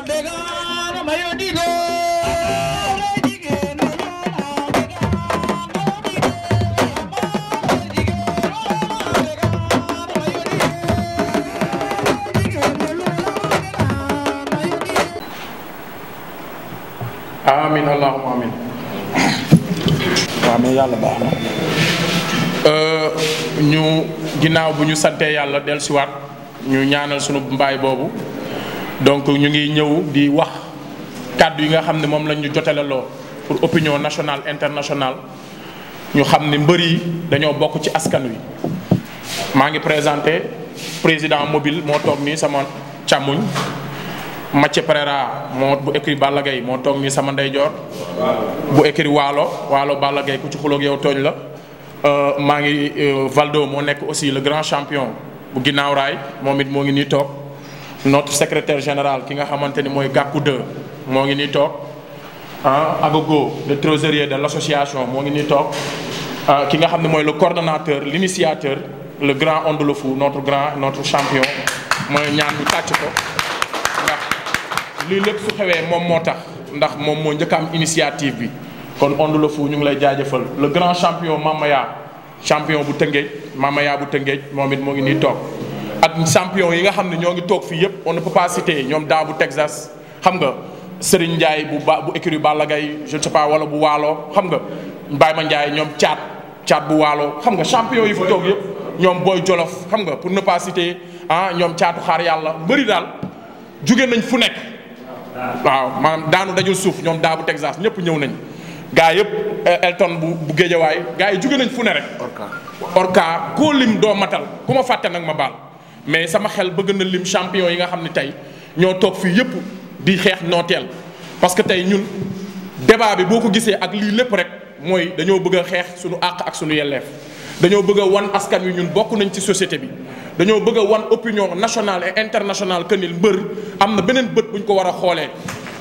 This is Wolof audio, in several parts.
amin allahuma amin waaw mais yàlla baax na euh, ñu ginnaaw bu ñu santee yàlla dellusiwaat ñu ñaanal sunu mbaay boobu donc ñu ngi ñëw di wax kàddu yi nga xam ne moom lañ ñu jotalaloo pour opinion nationale internationale ñu xam ni mbër dañoo bokk ci askan wi. maa ngi présenté président mobile moo toog nii sama càmmuñ Mathieu Pereira moo bu écrit Balla Gaye moo toog nii sama ndeyjoor bu écrit Waalo Waalo Balla Gaye ku ci xuloog yow tooñ la euh, maa ngi euh, Valdo moo nekk aussi le grand champion bu ginnaaw raay moom it moo ngi nii toog. notre secretaire général ki nga xamante ni mooy Gakou 2 moo ngi nii toog ah Agogo le trésorier de l' association moo ngi nii toog ah, ki nga xam ne mooy le coordonnateur linitiateur le grand Onde le Fou notre grand notre champion mooy ñaan ñu tàcc ko ndax lii lépp su xewee moom moo tax ndax moom moo njëkk am initiative bi kon Onde le Fou ñu ngi lay jaajëfal le grand champion Mamaya champion bu Tëngéej Mamaya bu Tëngéej moom it moo ngi nii toog ak champion yi nga xam ne ñoo ngi toog fii yëpp on ne peut pas ñoom daa bu Texas xam nga Serigne Ndiaye bu ba bu écurie Balla Gaye je ne wala bu Waalo xam nga Mbaye ma Ndiaye ñoom caat caat bu Waalo xam nga champion yi fu toog yëpp ñoom Boy Jolof xam nga pour ne pas ah ñoom caatu xaar yàlla bari daal jóge nañ fu nekk. waaw maanaam daanu dajul suuf ñoom daa bu Texas ñëpp ñëw nañ gaa yëpp eh, Elton bu bu Géejawaay gaa yi juge nañ fu ne rek. Orca Orca koo lim doo matal ku fàtte nag ma baal. mais sama xel bëgg na lim champion yi nga xam ne tey ñoo toog fii yëpp di xeex nooteel parce que tey ñun débat bi boo ko gisee ak lii lépp rek mooy dañoo bëgg a xeex suñu àq ak suñu yelleef dañoo bëgg a wan askan wi ñun bokk nañ ci société bi dañoo bëgg a wan opinion nationale et internationale que ni mbër am na beneen bët bu ñu ko war a xoolee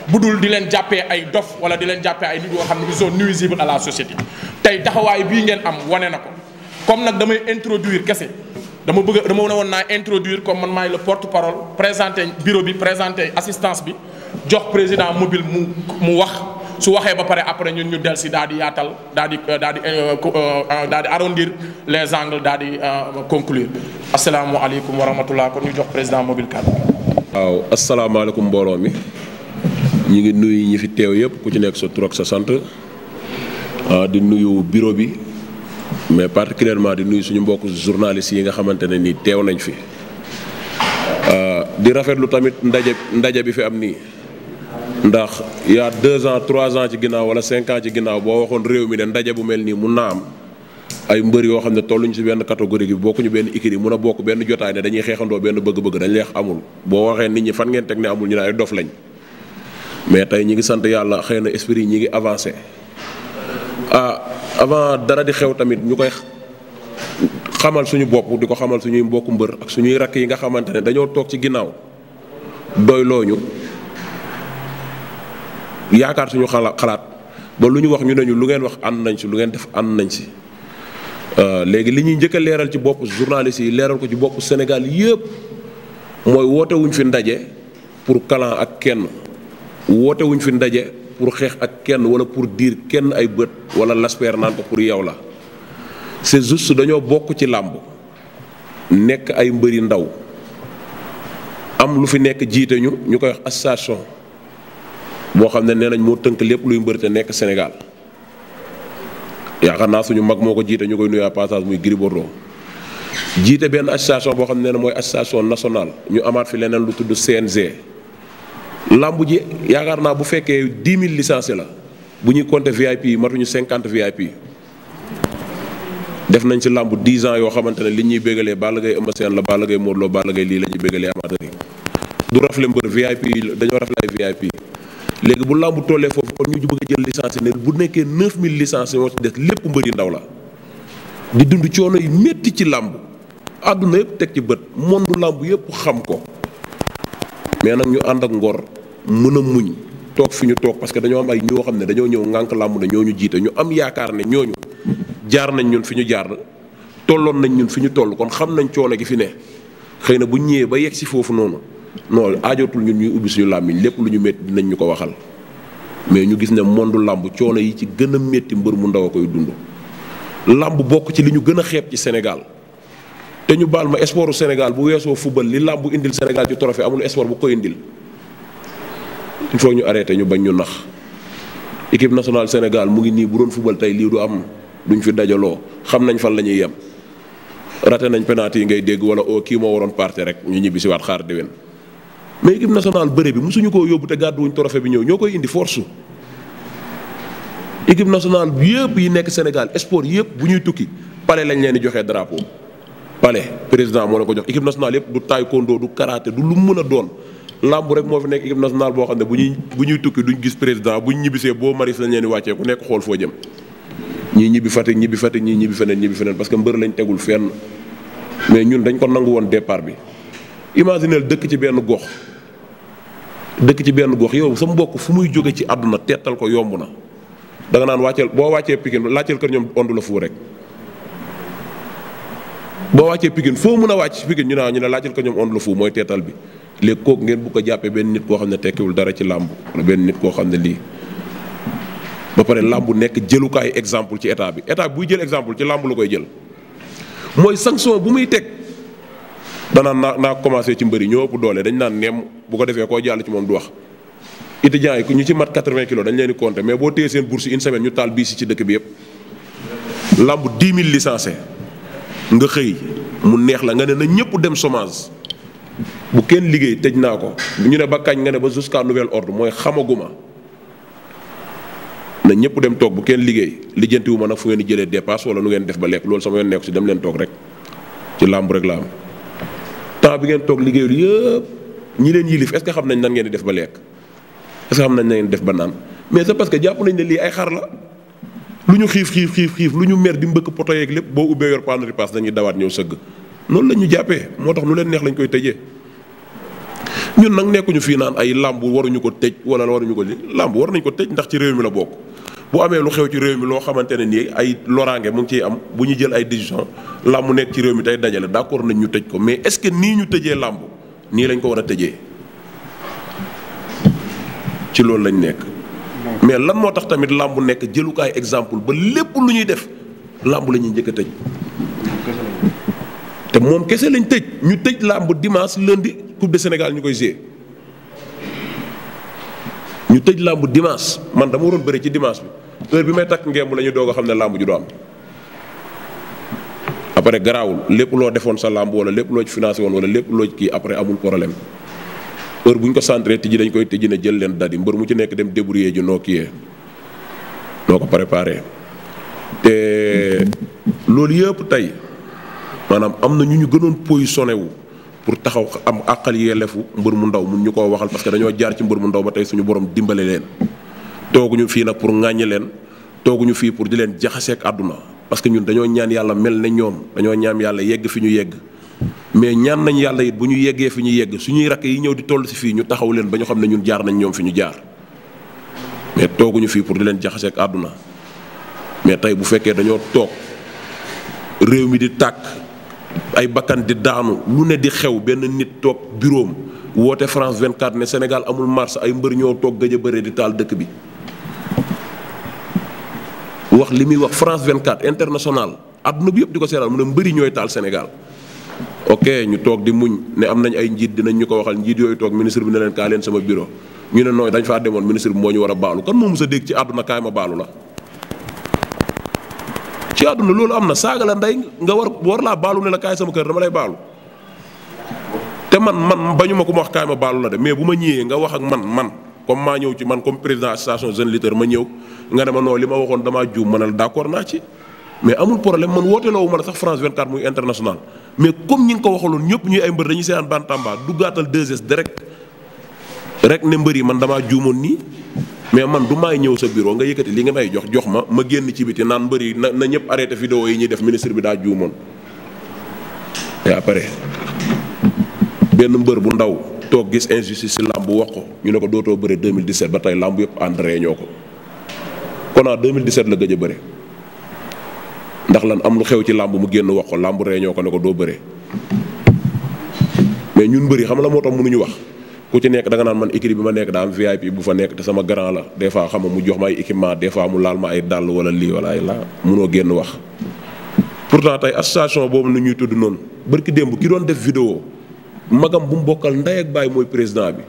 bu dul di leen jàppee ay dof wala di leen jàppee ay nit yoo xam ne ils sont nuisibles à la société tey taxawaay bii ngeen am wane na ko comme nag damay introduire kese dama bëgg dama ne woon naa introduire comme man maay la porte parole présenté bureau bi présenté assistance bi jox président mobile mu mu wax su waxee ba pare après ñun ñu del si daal di yaatal daal di euh, daal di euh, euh, daal di arrondir les angles daal di conclure asalaamualeykum wa rahmatullah kon ñu jox président mobile kàddu waaw asalaamaaleykum mbooloo mi ñu ngi nuyu ñi fi teew yëpp ku ci nekk sa tur sa sant ah, di nuyu bureau bi. mais particulièrement di nuyu suñu mbokk journalistes yi nga xamante ne nii teew nañ fi ah, di rafetlu tamit ndaje ndaje bi fi am nii ndax yaa deux ans trois ans ci ginnaaw wala cinq ans ci ginnaaw boo waxoon réew mi ne ndaje bu mel nii mun naa am ay mbër yoo xam ne tolluñ si benn catégorie bi bokkuñu benn ikiri mun a bokk benn jotaay ne dañuy xeexandoo benn bëgg-bëgg dañ leex amul boo waxee nit ñi fan ngeen ne amul ñu ne ay dof lañ mais tey ñi sant yàlla xëy na esprit ñi ngi avancé ah avant dara di xew tamit ñu koy xamal suñu bopp di ko xamal suñuy mbokku mbër ak suñuy rakk yi nga xamante ne dañoo toog ci ginnaaw doy looñu yaakaar suñu xala xalaat ba lu ñu wax ñu ne ñu lu ngeen wax ànd nañ si lu ngeen def ànd nañ si. Ah, léegi li ñuy njëkk leeral ci bopp journaliste yi leeral ko ci bopp Sénégal yëpp mooy woote wuñ fi ndaje pour kalan ak kenn woote wuñ fi ndaje. pour xeex ak kenn wala pour diir kenn ay bët wala laspeer naan ko pour yow la c'est juste dañoo bokk ci làmb nekk ay mbëri ndaw am lu fi nekk jiite ñu ñu koy wax association boo xam ne nee nañ moo tënk lépp luy mbër nekk Sénégal yaakaar naa suñu mag moo ko jiite ñu koy nuyu passage muy Gris Bordeaux benn association boo xam ne mooy association nationale ñu amaat fi leneen lu tudd CNG. làmb ji yaakaar naa bu fekkee 10 000 licenciés la bu ñuy compter VIP yi matuñu 50 VIP def nañ ci làmb 10 ans yoo xamante ne li ñuy bégalee Balla Gaye Eumeu Sène la Balla Gaye Modou Lo Balla Gaye lii la ñuy bégalee amateur yi du mbër VIP dañoo rafle ay VIP léegi bu làmb tollee foofu kon ñu bëgg a jël licencié ne bu nekkee 9000 licenciés moo ci des lépp mbër yi ndaw la di dund coono yu métti ci làmb àdduna yëpp teg ci bët monde làmb yëpp xam ko mais nag ñu ànd ak ngor mën a muñ toog fi ñu toog parce que dañoo am ay ñoo xam ne dañoo ñëw ngànk làmb ne ñoo ñu jiite ñu am yaakaar ne ñu jaar nañ ñun fi ñu jaar tolloon nañ ñun fi ñu toll kon xam nañ coono gi fi ne xëy na bu ñëwee ba yegg si foofu noonu non ajootul ñun ñuy ubbi suñu làmmiñ lépp lu ñu métti dinañ ñu ko waxal mais ñu gis ne mondu làmb coono yi ci gën a métti mbër mu ndaw a koy dund làmb bokk ci li ñu gën a xeeb ci senegal te ñu baal ma sportu Sénégal bu weesoo football li làmb indil Sénégal ci trophée amul sport bu ko indil il faut ñu arrêté ñu bañ ñu nax équipe national Sénégal mu ngi nii bu doon fubal tey lii du am duñ fi dajaloo xam nañ fan la ñuy yem raté nañ penate yi ngay dégg wala oo kii moo waroon parte rek ñu ñibbi si waat xaar déwén mais équipe nationale bëre bi mosuñu koo yóbbu te gàdduwuñ torofe bi ñëw ñoo koy indi force équipe nationale yëpp yi nekk Sénégal sport yëpp bu ñuy tukki palais lañ leen di joxe drapeau palais président moo la ko jox équipe nationale yëpp du taekwondo du karaté du lu mu mën doon làmb rek moo fi nekk équipe nationale boo xam ne bu ñuy bu ñuy tukki duñ gis président bu ñu ñibbisee boo maris lañ leen di wàccee ku nekk xool foo jëm ñii ñibbi Fatick ñibbi ñii ñibbi feneen ñibbi feneen parce que mbër lañ tegul fenn mais ñun dañ ko nangu woon départ bi imagineel dëkk ci benn gox dëkk ci benn gox yow sa mbokk fu muy jóge ci àdduna teetal ko yomb na da naan wàcceel boo wàccee Pikine laajteel kër ñoom ondu la fuu rek boo wàccee Pikine foo mën a wàcc Pikine ñu ne ñu ne laajteel kër ñoom ondu la fuu mooy teetal bi léegi kooku ngeen bu ko jàppee benn nit koo xam ne tekkiwul dara ci làmb wala benn nit koo xam ne lii ba pare làmb nekk jëlukaay exemple ci état bi état buy jël exemple ci làmb la koy jël mooy sanction bu muy teg danaan naa naa commencé ci mbëri ñoo ëpp doole dañ naan nemm bu ko defee koo jàll ci moom du wax étudiants yi ñu ci mat 80 kilos dañ leen di compter mais boo téye seen bourse une semaine ñu taal bii si ci dëkk bi yëpp làmb 10 000 licenciés nga xëy mu neex la nga ne na ñëpp dem chômage bu kenn liggéey tëj naa ko ñu ne ba kañ nga ne ba jusqu'à nouvel ordre mooy xamaguma na ñëpp dem toog bu kenn liggéey lijjanti wu ma nag fu ngeen di jëlee dépasse wala nu ngeen def ba lekk loolu sama yoon nekk si dem leen toog rek ci làmb rek la am temps bi ngeen toog liggéeyul yëpp ñi leen yilif est ce que xam nañ na ngeen di def ba lekk est que xam nañ nan ngeen def ba naan mais c'est parce que jàpp nañ ne lii ay xar la lu ñu xiif xiif xiif xiif lu ñu mer di poto yeeg lépp boo ubbee yor paanu ripaas dañuy dawaat ñëw la ñu jàppee moo tax nu leen lañ koy tëjee ñun nag nekkuñu fii naan ay làmb waruñu ko tëj wala waruñu ko li làmb war nañu ko tëj ndax ci réew mi la bokk bu amee lu xew ci réew mi loo xamante ne nii ay loraange mu ngi ciy am bu ñu jël ay décision làmb nekk ci réew mi tey dajale d'accord nañ ñu tëj ko mais est-ce que nii ñu tëjee làmb nii lañ ko war a tëjee ci loolu lañ nekk. mais lan moo tax tamit làmb nekk jëlukaay exemple ba lépp lu ñuy def làmb la ñuy njëkk a tëj. te moom kese lañ tëj ñu tëj làmb dimanche lundi coupe de Sénégal ñu koy joué ñu tëj làmb dimanche man dama waroon bëri ci dimanche bi heure bi may takk ngemb la ñu doog a xam ne làmb ju doo am. après garaawul lépp loo defoon sa làmb wala lépp loo ci financé woon wala lépp loo ci kii après amul problème heure bu ñu ko centré tijji dañ koy tijji ne jël leen dadi mbër mu ci nekk dem débrouiller ju noo kiyee noo ko préparé te loolu yëpp tey. maanaam am na ñu ñu gënoon positionné wu pour taxaw am àqal yelleefu mbër mu ndaw mun ñu koo waxal parce que dañoo jaar ci mbër mu ndaw ba tey suñu borom dimbale leen tooguñu fii nag pour ŋàññi leen tooguñu fii pour di leen jaxaseek àdduna parce que ñun dañoo ñaan yàlla mel ne ñoom dañoo ñaan yàlla yegg fi ñu yegg mais ñaan nañ yàlla it bu ñu yeggee fi ñu yegg suñuy rakk yi ñëw di toll si fii ñu taxaw leen ba ñu xam ne ñun jaar nañ ñoom ñu jaar tooguñu fii pour di leen jaxaseek àdduna mais tey bu fekkee dañoo toog réew mi di tàkk ay bakkan di daanu lu ne di xew benn nit toog bureau woote France 24 ne Sénégal amul mars ay mbër ñoo toog gëj a bëre di taal dëkk bi. wax li muy wax France 24 international àdduna bi yëpp di ko seetaan mu ne mbëri ñooy taal Sénégal ok ñu toog di muñ ne am nañ ay njiit dinañ ñu ko waxal njiit yooyu toog ministre bi ne kaa leen sama bureau ñu ne nooy dañ faa demoon ministre bi moo ñu war a baalu kan moo mës a dégg ci àdduna kaay ci àdduna loolu am na saaga la ndey nga war war laa baalu ne la kaay sama kër dama lay baalu te man man bañu ma ko ma wax kaay ma baalu la de mais bu ma ñëwee nga wax ak man man comme maa ñëw ci man comme président association jeune leader ma ñëw nga ne ma non li ma waxoon dama juum ma ne la d'accord naa ci. mais amul problème man woote loowu ma la sax France 24 muy international mais comme ñi nga ko waxaloon ñëpp ñuy ay mbër dañuy seetaan Bantamba du gàttal 2S direct rek ne mbër yi man damaa juumoon nii. mais man du may ñëw sa bureau nga yëkkati li nga may jox jox ma ma génn ci biti naan mbëri na na ñëpp arrêté vidéo yi ñuy def ministre bi daa juumoon et pare benn mbër bu ndaw toog gis injustice ci làmb wax ko ñu ne ko dootoo bëre 2017 ba tey làmb yëpp entraîné ñoo ko kon 2017 la gëj a bëre ndax lan am lu xew ci làmb mu génn wax ko làmb ree ko ne ko doo bëre mais ñun mbëri xam la moo tax ñu wax ku ci nekk da nga naan man équipe bi ma nekk daa am VIP bu fa nekk te sama grand la des fois xam nga mu jox ma ay équipement des fois mu laal ma ay dàll wala lii wala ay laa munoo génn wax. pour pourtant tey association boobu nu ñuy tudd noonu barki démb ki doon def vidéo magam bu mu bokkal ndey ak baay mooy président bi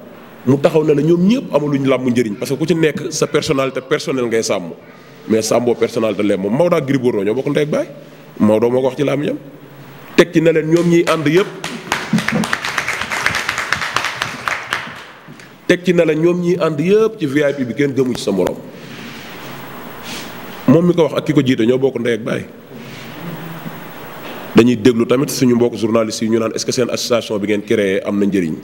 mu taxaw ne la ñoom ñëpp amaluñ làmb njëriñ parce que ku ci nekk sa personnalité personnelle ngay sàmm mais sàmmoo personnalité lem moom Maodo ak Gris Bordeaux ñoo bokkal ndey ak moo ko wax ci làmb teg ci ne leen ñoom ñiy ànd yëpp. teg ci na la ñoom ñi ànd yëpp ci VIP bi kenn gëmu ci sa morom moom mi ko wax ak ki ko jiite ñoo bokk ndey ak baay dañuy déglu tamit suñu mbokk journaliste yi ñu naan est-ce que seen association bi ngeen créé am na njariñ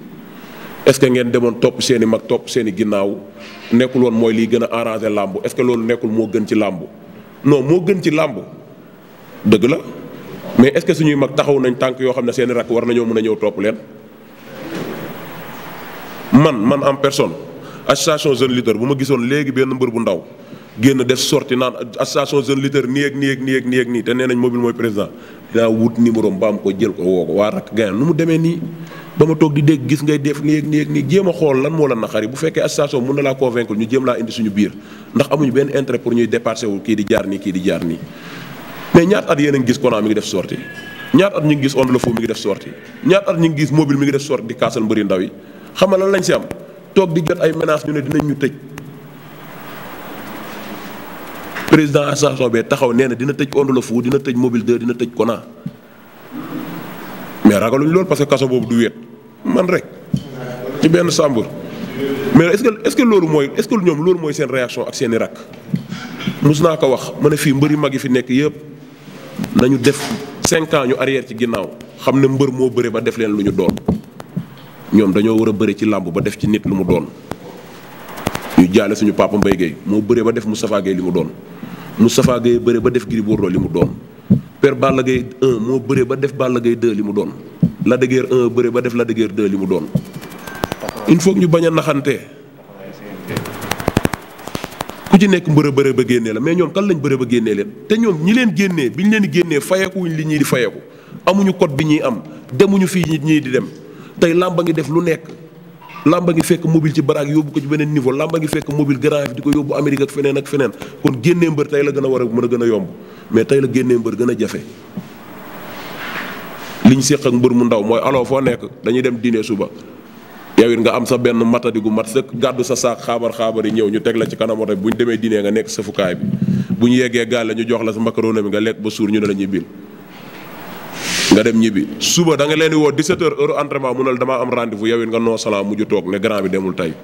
est-ce que ngeen demoon topp seen i mag topp seeni i ginnaaw nekkul woon mooy liy gën a arranger làmb est-ce que loolu nekkul moo gën ci làmb non moo gën ci làmb dëgg la mais est-ce que suñuy mag taxaw nañ tànk yoo xam ne seen i rakk war nañoo mën a ñëw topp leen. man man en personne association jeune leader bu ma gisoon léegi benn mbër bu ndaw génn def sorti naan association jeune leader nii ak nii ak nii nii ak nii te nee nañ mobile président dinaa wut ba am ko ko woo ko waa rakk mu demee nii ba ma toog di gis ngay def nii ak nii xool lan moo la naqari bu fekkee association mën na laa convaincre suñu biir ndax amuñu benn intérêt pour ñuy dépassé wu kii di jaar nii kii di jaar nii mais ñaata at yéen a ngi gis def sorti ñaata at ñu ngi gis Onde le Fou mi ngi def sorti ñaata at ñu ngi gis mobile mi ngi def sorti di kaasal mbëri ndaw xam nga lan lañ si am toog di jot ay menaces ñu ne dinañ ñu tëj président association bee taxaw nee na dina tëj Onde le Fou dina tëj mobile 2 dina tëj Kona mais ragaluñ loolu parce que kaso boobu du wéet man rek ci benn sàmbur mais est-ce ce que loolu mooy est-ce ñoom loolu mooy seen réaction ak seen i mus naa ko wax ma ne fii mbëri mag yi fi nekk yëpp nañu def cinq ans ñu arrière ci ginnaaw xam ne mbër moo bëre ba def leen lu ñu doon. ñoom dañoo war a bëri ci làmb ba def ci nit lu mu doon ñu jaale suñu papa Mbaye Guèye moo bëree ba def Moustapha Guèye li mu doon Moustapha Guèye ba def Gris Bordeaux li mu doon Père Balla moo bëree ba def Balla Gaye 2 li mu doon Lac de Guiers ba def la de Guiers li mu doon il faut ñu bañ a naxante ku ci nekk mbërë bërë ba génnee la mais ñoom kan lañ bërë ba génnee leen te ñoom ñi leen génnee biñ leen génnee fayeekuwuñ li ñuy di fayeeku amuñu kot bi ñuy am demuñu fii ñi ñii di dem tey làmba ngi def lu nekk làmba ngi fekk mobile ci baraag yóbbu ko ci beneen niveau làmba ngi fekk mobile grand di ko yóbbu Amérique ak feneen ak feneen kon génnee mbër tey la gën a war a mën a gën a yomb mais tey la génnee mbër gën a jafe. liñ séq ak mbër mu ndaw mooy aloo foo nekk dañuy dem dîner suba yow it nga am sa benn matadi gu mat sëkk gàddu sa saak xaabar xaabar yi ñëw ñu teg la ci kanam oto bi bu ñu demee dîner nga nekk sa fukaay bi bu ñu yeggee gaal la ñu jox la sa macaroni bi nga ba suur ñu ne la ñuy bil nga dem ñibbi suba da leen di woo 17 heures heure entraînement mu ne damaa am rendez-vous yow it nga noo salaam toog ne grand bi demul tey.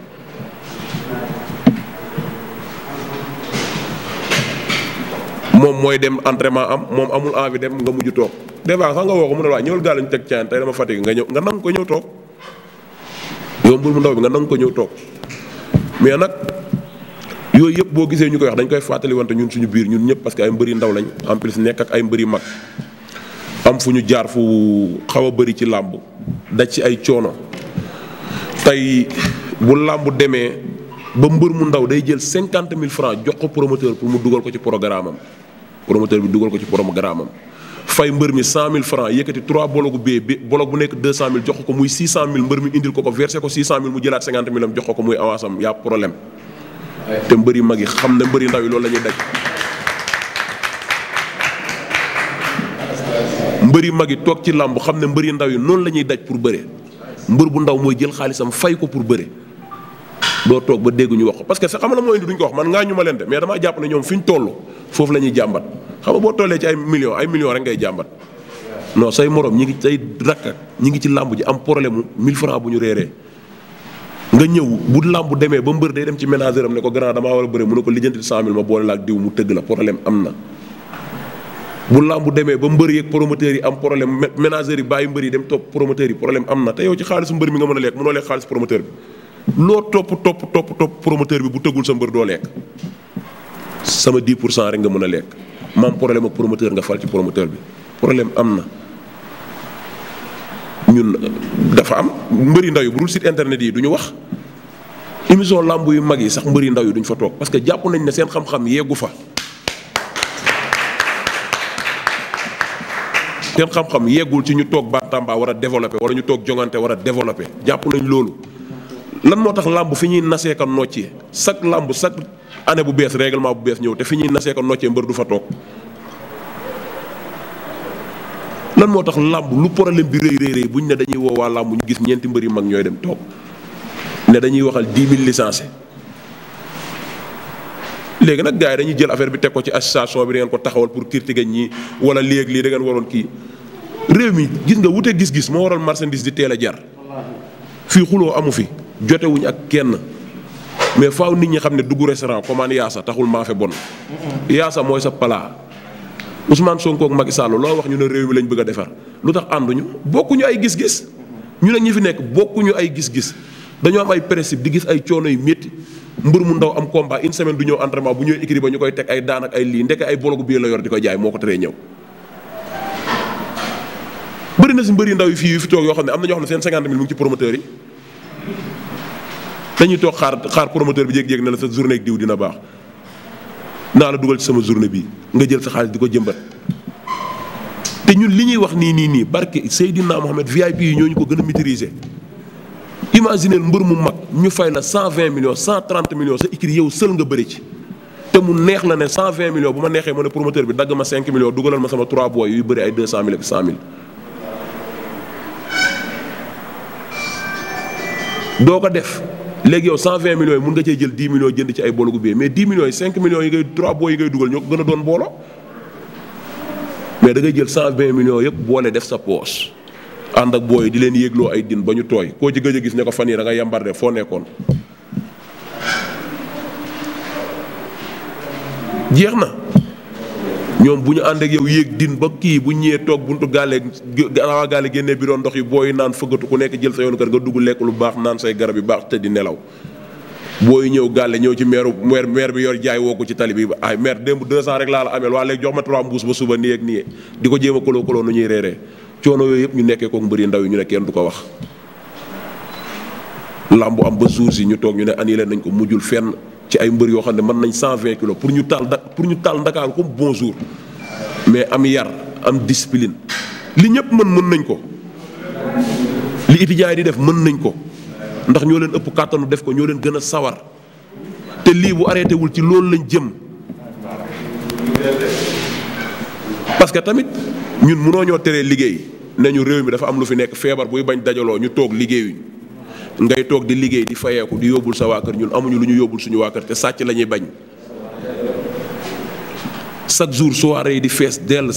moom mooy dem entraînement am moom amul envie dem nga mujj toog des fois sax nga woo ko mu ne waaye ñëwal gaal ñu teg caa tey dama fatigué nga ñëw nga nangu ko ñëw toog yow mbir mu ndaw bi nga nangu ko ñëw toog mais nag yooyu yëpp boo gisee ñu koy wax dañ koy fàttali wante ñun suñu biir ñun ñëpp parce que ay mbëri ndaw lañ en plus nekk ak ay mbëri mag. am fu ñu jaar fu xaw a bëri ci làmb daj ci ay coono tey bu làmb demee ba mbër mu ndaw day jël cinquante mille francs jox ko promoteur pour mu dugal ko ci programme bi dugal ko ci programme am fay mbër mi cent mille francs yëkkati trois bologu bee bi bolog bu nekk deux cent mille jox ko muy six cent mille mbër mi indil ko ko versé ko six cent mille cinquante mille jox ko muy avance am problème te mbër yu mag yi xam ne mbër yu ndaw yi loolu la ñuy daj bëri yu mag yi toog ci làmb xam ne mbër yu ndaw yi noonu la ñuy daj pour bëre mbër bu ndaw mooy jël xaalisam fay ko pour bëre doo toog ba dégg ñu wax ko parce que sa xam la moo indi duñ ko wax man ngaa ñu ma leen de mais damaa jàpp ne ñoom fi ñu toll foofu la ñuy jàmbat xam nga boo tollee ay millions ay millions ngay jàmbat non say morom ñi ngi say rakk ñi ngi ci làmb ji am problème mu 1000 francs bu ñu réeree nga ñëw bu làmb demee ba mbër day dem ci ménager am ne ko grand damaa war a bëre mu ne ko lijjanti 100000 ma boole la ak diw mu tëgg la problème am na bu làmb demee ba mbër yeeg promoteurs yi am problème ménageurs yi bàyyi mbër yi dem topp promoteurs yi problème am na te yow ci xaalisu mbër mi nga mën a lekk mënoo lekk xaalis promoteur bi loo topp topp topp topp promoteur bi bu tëggul sa mbër doo lekk pour cent rek nga mën a lekk ma am problème ak promoteur nga fal ci promoteur bi problème am na. ñun dafa am mbëri ndaw yi bu dul site internet yi du ñu wax émission làmb yu mag yi sax mbëri ndaw yi duñ fa toog parce que jàpp nañ na seen xam-xam yeegu fa. seen xam-xam yeggul ci ñu toog Bantamba war a développé wala ñu toog jongante war a développé jàpp nañ loolu. lan moo tax làmb fi ñuy nasee ka noccee chaque làmb chaque année bu bees règlement bu bees ñëw te fi ñuy nasee ka noccee mbër du fa toog. lan moo tax làmb lu problème bi rëy rëy rëy buñ ne dañuy woo waa làmb ñu gis ñeenti mbër yu mag ñooy dem toog ne dañuy waxal dix mille licenciés léegi nag gars yi dañuy jël affaire bi teg ko ci association bi da ngeen ko taxawal pour critiquer ñi wala léeg lii da ngeen waroon kii réew mi gis nga wute gis-gis moo waral marchandise di teel a jar fii xuloo amu fi jotewuñ ak kenn mais faaw nit ñi xam ne dugg restaurant commande yaasa taxul maafe bon yaasa mooy sa palaa Ousmane Sonko ak Macky Sall loo wax ñu ne réew mi lañ bëgg a defar lu tax ànduñu bokkuñu ay gis-gis ñu ne ñi fi nekk bokkuñu ay gis-gis dañoo am ay principe di gis ay coono yu métti mbër mu ndaw am combat une semaine du ñëw entraînement bu ñëwee écrit ba ñu koy teg ay daan ak ay lii ndeke ay bologu biir la yor di ko jaay moo ko teree ñëw. bëri na si mbëri ndaw yi fii yu fi toog yoo xam ne am na ñoo xam ne seen 50 mille mu ngi ci promoteur yi dañuy toog xaar xaar promoteur bi jékki-jékki ne la sa journée ak diw dina baax naa la dugal ci sama journée bi nga jël sa xaalis di ko jëmbat. te ñun li ñuy wax nii nii nii barke Seydina Mohamed VIP yi ñooñu ko gën a maîtriser. imaginer mbër mu mag ñu fay la cent vingt millions cent trente millions sa écrit yow sël nga bëri ci te mu neex la ne cent vingt millions bu ma neexee ma ne promoteur bi dagg ma cinq millions dugalal ma sama trois boy yuy bëri ay doo ko def léegi yow cent vingt millions yi mun nga cee jël dix millions jënd ci ay bologu bee mais dix yi cinq yi ngay trois boy yi ngay dugal ñoo gën a doon boolo mais da jël cent vingt millions yëpp boole def sa poos ànd ak booy di leen yéegloo ay din ba ñu tooy koo ci gëj a gis ne ko fan yi da nga yambar de foo nekkoon. jeex na ñoom bu ñu ànd ak yow yéeg din ba kii bu ñëwee toog buntu gaale avant gaale génnee bi ndox yi booy naan fëggatu ku nekk jël sa yoonu kër nga dugg lekk lu baax naan say garab yu baax te di nelaw. booy ñëw gàlle ñëw ci meeru meer meer bi yor jaay woo ci tali bi ay meer démb 200 rek laa la ameel waa léegi jox ma 3 mbuus ba suba nii ak nii ko jéem koloo koloo nu ñuy reeree coono yooyu yëpp ñu nekkee ko mbëri ndaw yi ñu ne kenn du ko wax làmbu am ba jour si ñu toog ñu ne annulé nañ ko mujjul fenn ci ay mbër yoo xam ne mën nañ 120 kilos pour ñu taal da ñu taal ndakaaru comme bonjour mais am yar am discipline li ñëpp mën mën nañ ko li étudiants jaay di def mën nañ ko ndax ñoo leen ëpp kàttanu def ko ñoo leen gën a sawar te lii bu arrêté wul ci loolu lañ jëm parce que tamit ñun munoo ñoo teree liggéey nañu réew mi dafa am lu fi nekk feebar buy bañ dajaloo ñu toog liggéeyuñ ngay toog di liggéey di fayeeku di yóbbul sa waa kër ñun amuñu lu ñu yóbbul suñu waa kër te sàcc la ñuy bañ chaque jour soirée yi di fees dell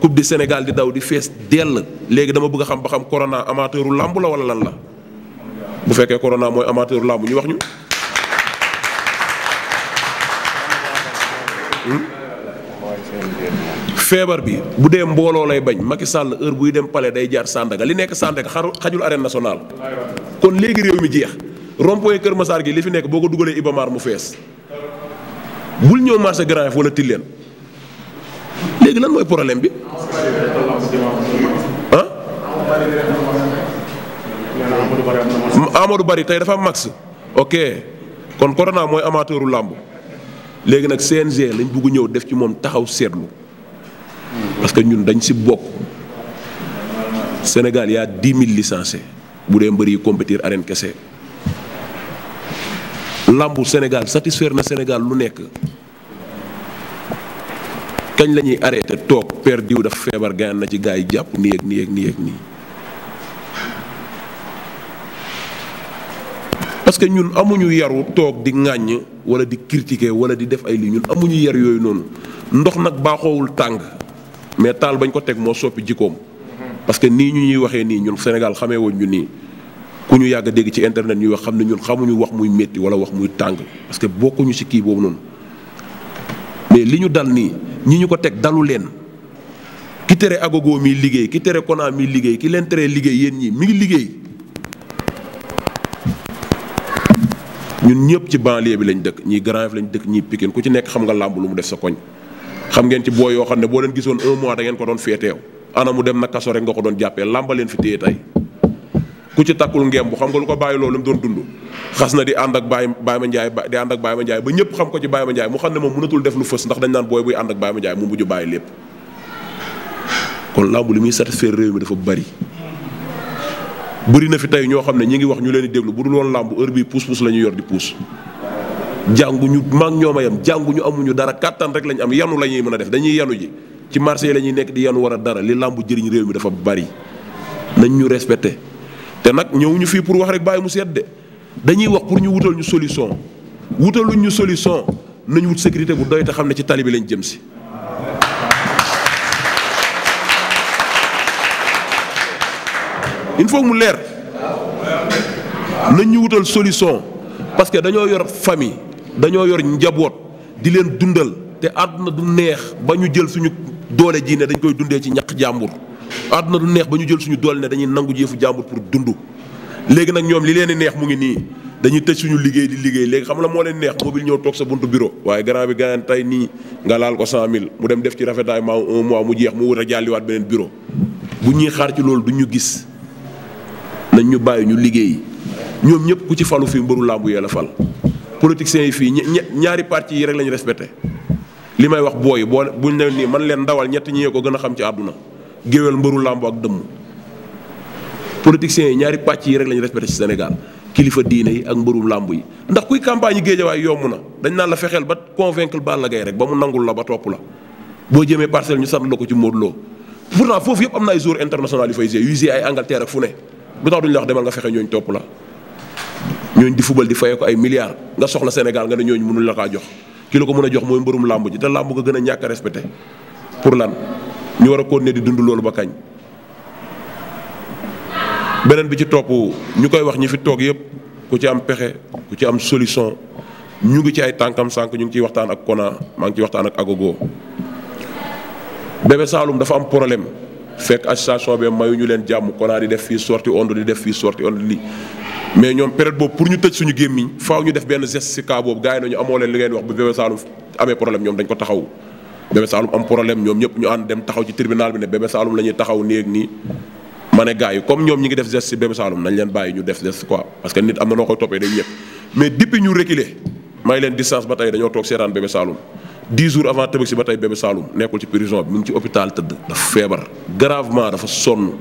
coupe du Sénégal di daw di fees dell léegi dama bëgg xam ba xam corona amateuru làmb la wala lan la bu fekkee corona mooy amateuru làmb ñu wax ñu. Hmm? feebar bi bu dee mbooloo lay bañ Macky Sall heure buy dem palais day jaar Sandaga li nekk Sandaga xaru xajul arène nationale. kon léegi réew mi jeex rond-point Kër Massar gi li fi nekk boo ko dugalee Ibamar mu fees. bul ñëw marché Grand Yoff wala Tilène léegi lan mooy problème bi. ah. Bari tey dafa max. ok kon corona mooy amateuru làmb léegi nag CNG lañ bugg ñëw def ci moom taxaw seetlu. parce que ñun dañ si bokk Sénégal y di dix mille licenciés bu dee mbër yi compétir arène kese lambu Sénégal satisfaire na Sénégal lu nekk kañ lañuy ñuy arrêté toog per diw dafa feebar gaan na ci gars yi jàpp nii ak nii ak nii ak parce que ñun amuñu yaru toog di ŋàññ wala di critiquer wala di def ay li ñun amuñu yar yooyu noonu ndox nag baaxoowul tàng mais taal bañ ko teg moo soppi jikkoom parce que nii ñu ñuy waxee nii ñun Sénégal xamee woon ñu nii ku ñu yàgg dégg ci internet ñuy wax xam ne ñun xamuñu wax muy metti wala wax muy tàng parce que bokkuñu ci kii boobu noonu mais li ñu dal nii ñi ñu ko teg dalu leen ki tere agogo mi liggéey ki tere kona mi liggéey ki leen tere liggéey yéen ñi mi ngi liggéey ñun ñëpp ci banlieue bi lañ dëkk ñii Grand Yoff lañ dëkk ñii Pikine ku ci nekk xam nga làmb lu mu def sa xam ngeen ci boo yoo xam ne boo leen gisoon un mois da ngeen ko doon féeteew ana mu dem nag kaso rek nga ko doon jàppee ku takkul ngeem bu xam nga ko bàyyi loolu mu doon dund xas na di ànd ak Baye Baye Ma Ndiaye di ànd ak Ma Ndiaye ba ñëpp xam ko ci Baye Ma Ndiaye mu xam ne moom mënatul def lu fës ndax dañ naan booy buy ànd ak kon làmb li muy satisfaire réew mi dafa bari bëri na fi tey ñoo xam ne ñi ngi wax ñu leen di déglu bu dul woon làmb heure bi puus puus la ñu yor di puus jànguñu maak ñoom a yem ñu amuñu dara kàttan rek lañu am yanu la ñuy mën a def dañuy yanu ji ci marché yi la ñuy nekk di yanu war a dara li làmb jëriñ réew mi dafa bari nañ ñu respecté te nag ñëwuñu fii pour wax rek bàyyi mu sedd de dañuy wax pour ñu wutal ñu solution wutaluñ ñu solution nañ wut sécurité bu doy te xam ne ci tali bi lañ jëm si. il faut mu leer nañ ñu wutal solution parce que dañoo yor famille. dañoo yor njaboot di leen dundal te àdduna du neex ba ñu jël suñu doole ji ne dañ koy dundee ci ñaq jàmbur àdduna du neex ba ñu jël suñu doole ne dañuy nangu jëfu jàmbur pour dund léegi nag ñoom li leen di neex mu ngi nii dañuy tëj suñu liggéey di liggéey léegi xam na moo leen neex mobile ñëw toog sa buntu bureau waaye grand bi gaañ tey nii nga laal ko 100000 mu dem def ci rafetaay ma un mois mu jeex mu wut a jàlliwaat beneen bureau bu ñuy xaar ci loolu du gis nañ ñu bàyyi ñu liggéey ñoom ñëpp ku ci falu fii mbëru làmbu yee la politiciens yi fii ñaari parti yi rek lañu respecté li may wax booy bu buñ ne nii man leen ndawal ñetti ñi ko gën a xam ci àdduna géwél mbëru làmb ak dëmm politiciens yi ñaari pàcc yi rek lañu respecté ci Sénégal kilifa diine yi ak mbërum làmb yi ndax kuy campagne yi géejawaay yomb na dañ naan la fexeel ba convaincre Balla Gaye rek ba mu nangul la ba topp la boo jëmee parcelle ñu sant la ko ci Modou Lo pourtant foofu yëpp am na ay joueurs internationaux yu fay jouer yu wax demal nga fexe ñooñu topp la ñooñu di fubal di fayee ko ay milliards nga soxla Sénégal nga ne ñooñu la kaa jox ki ko mën a jox mooy mbërum làmb ji te làmb ko gën a ñàkk a pour lan ñu war a ne di dund loolu ba kañ. beneen bi ci topp ñu koy wax ñi fi toog yëpp ku ci am pexe ku ci am solution ñu ngi ci ay tànkam sànq ñu ngi ciy waxtaan ak Kona maa ngi ciy waxtaan ak Agogo Bébé Saloum dafa am problème. fekk association bi mayuñu leen jàmm konaa di def fii sorti ond di def fii sorti ond lii mais ñoom période boobu pour ñu tëj suñu gémmiñ faaw ñu def benn geste si cas boobu gars yi nañu amoo leen li ngeen wax bu Bébé Saloum am problème ñoom ñëpp ñu ànd dem taxaw ci tribunal bi ne Bébé Saloum la taxaw nii nii ma ne gars comme ñoom ñi ngi def geste si Bébé Saloum nañ leen bàyyi ñu def geste quoi parce que nit am na noo koy toppee day ñëpp leen distance ba tey dañoo toog seetaan Bébé Saloum dix jours avant tabaski ba tey bébé saalum nekkul ci prison bi mu ngi ci hôpital tëdd dafa feebar gravement dafa sonn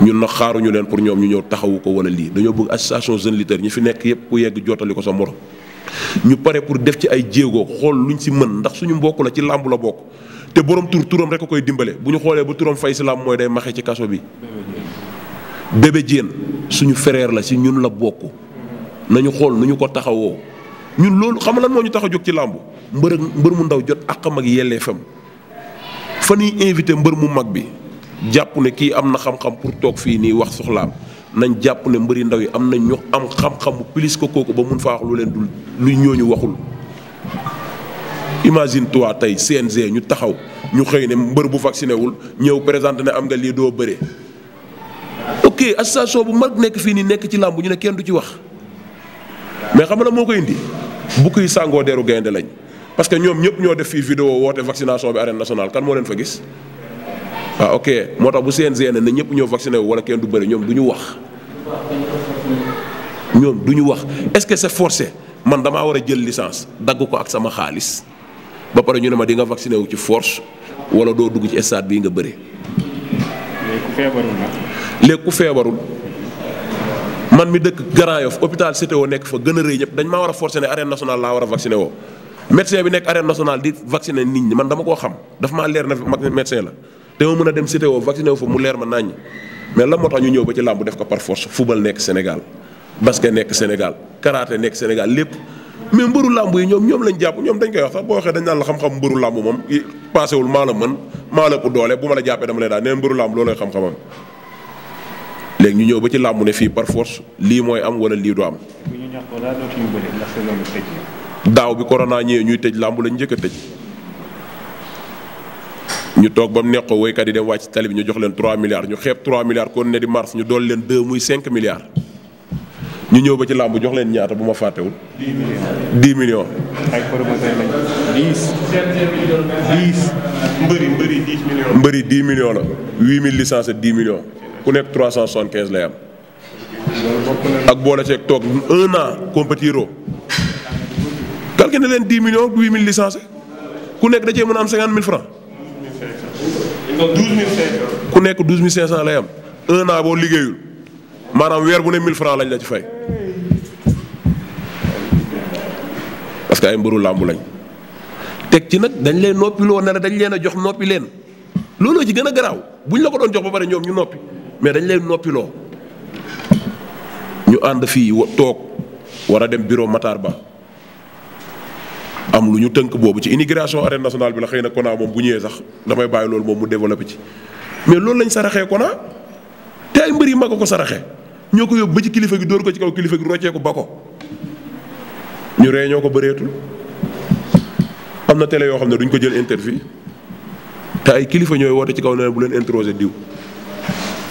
ñun nag xaaruñu leen pour ñoom ñu ñëw taxawu ko wala lii dañoo bëgg association jeune leader ñi fi nekk yëpp ku yegg jottali ko sa morom ñu pare pour def ci ay jéego xool luñ si mën ndax suñu mbokk la ci làmb la bokk te borom tur turam rek a koy dimbale bu ñu xoolee ba turam fay si làmb mooy day maxe ci kaso bi. bébé Diène suñu frère la si ñun la bokk nañu xool nu ñu ko taxawoo. ñun loolu xam lan moo ñu taxa a jóg ci làmb mbër mbër mu ndaw jot ak àqam ak yelleefam fa ñuy invité mbër mu mag bi jàpp ne kii am na xam-xam pour toog fii nii wax soxlaam nañ jàpp ne mbëri ndaw yi am nañ ñu am xam-xam plus que kooku ba mun faa wax lu leen dul lu ñooñu waxul. imagine toit tey CNG ñu taxaw ñu xëy ne mbër bu vacciné wul ñëw présenté ne am nga lii doo bëre ok association bu mag nekk fii nii nekk ci làmb ñu ne kenn du ci wax. mais xam nga moo ko indi bukk yi sàngoo deru gaynde lañ parce que ñoom ñëpp ñoo def fii video woote vaccination bi arène nationale kan moo leen fa gis waaw ah, ok moo tax bu CNG ne na ñëpp ñoo vacciné wu wala kenn du bëri ñoom du ñu wax ñoom du ñu wax est-ce que c'est forcé man damaa war a jël licence dagg ko ak sama xaalis ba pare ñu ne ma di nga vacciné wu ci force wala doo dugg ci stade bii nga bëri léegi ku feebarul léegi ku feebarul man mi dëkk Grand Yoff hôpital CTO nekk fa gën a rëy ñëpp dañ maa war a forcer ne arène nationale laa war a vacciné woo médecin bi nekk arène nationale di vacciné nit ñi man dama koo xam dafa maa leer na mag médecin la te ma mën a dem CTO vacciné wu fa mu leer ma naññ mais la moo tax ñu ñëw ba ci làmb def ko par force football nekk Sénégal basket nekk Sénégal karaté nekk Sénégal lépp mais mbëru làmb yi ñoom ñoom lañ jàpp ñoom dañ koy wax sax boo waxee dañ naan xam-xam mbëru làmb moom passé maa la mën maa la ëpp doole bu ma la jàppee dama xam-xamam léegi ñu ñëw ba ci làmb ne fii par force lii mooy am wala lii du am. daaw bi corona ñëwee ñuy tëj làmb lañ njëkk a tëj. ñu toog ba mu nekk ko woykat yi dem wàcc tali bi ñu jox leen 3 milliards ñu xeeb 3 milliards kon ne di mars ñu dool leen 2 muy 5 milliards. ñu ñëw ba ci làmb jox leen ñaata bu ma fàttewul. 10 millions 10 millions. ay promoteurs lañ 10. 10 mbëri mbëri 10 millions. mbëri 10 millions la 8000 ku nekk 375 lay am. ak boole ceeg toog un an compétiro calcule ne leen 10 millions 8000 ku nekk da cee mën a am 50 ku nekk 12500 lay am un an boo liggéeyul maanaam weer bu ne 1000 francs lañ la ci fay. parce que ay mbëru làmb lañ. teg ci nag dañ leen noppiloo ne dañ leen a jox noppi leen looloo ci gën a garaaw bu buñ la ko doon jox ba pare ñoom ñu noppi. mais dañ leen noppiloo ñu ànd fii toog war a dem bureau Matar Ba am lu ñu tënk boobu ci immigration arène nationale bi la xëy na Kona moom bu ñëwee sax damay bàyyi loolu moom mu développé ci mais loolu lañ saraxee Kona te ay mbër yi mag a ko saraxe ñoo ko yóbbu ba ci kilifa gi dóor ko ci kaw kilifa gi roccee ko ba ko ñu ree ñoo ko bëreetul am na tele yoo xam ne duñ ko jël interview te ay kilifa ñooy woote ci kaw ne bu leen introsé diw.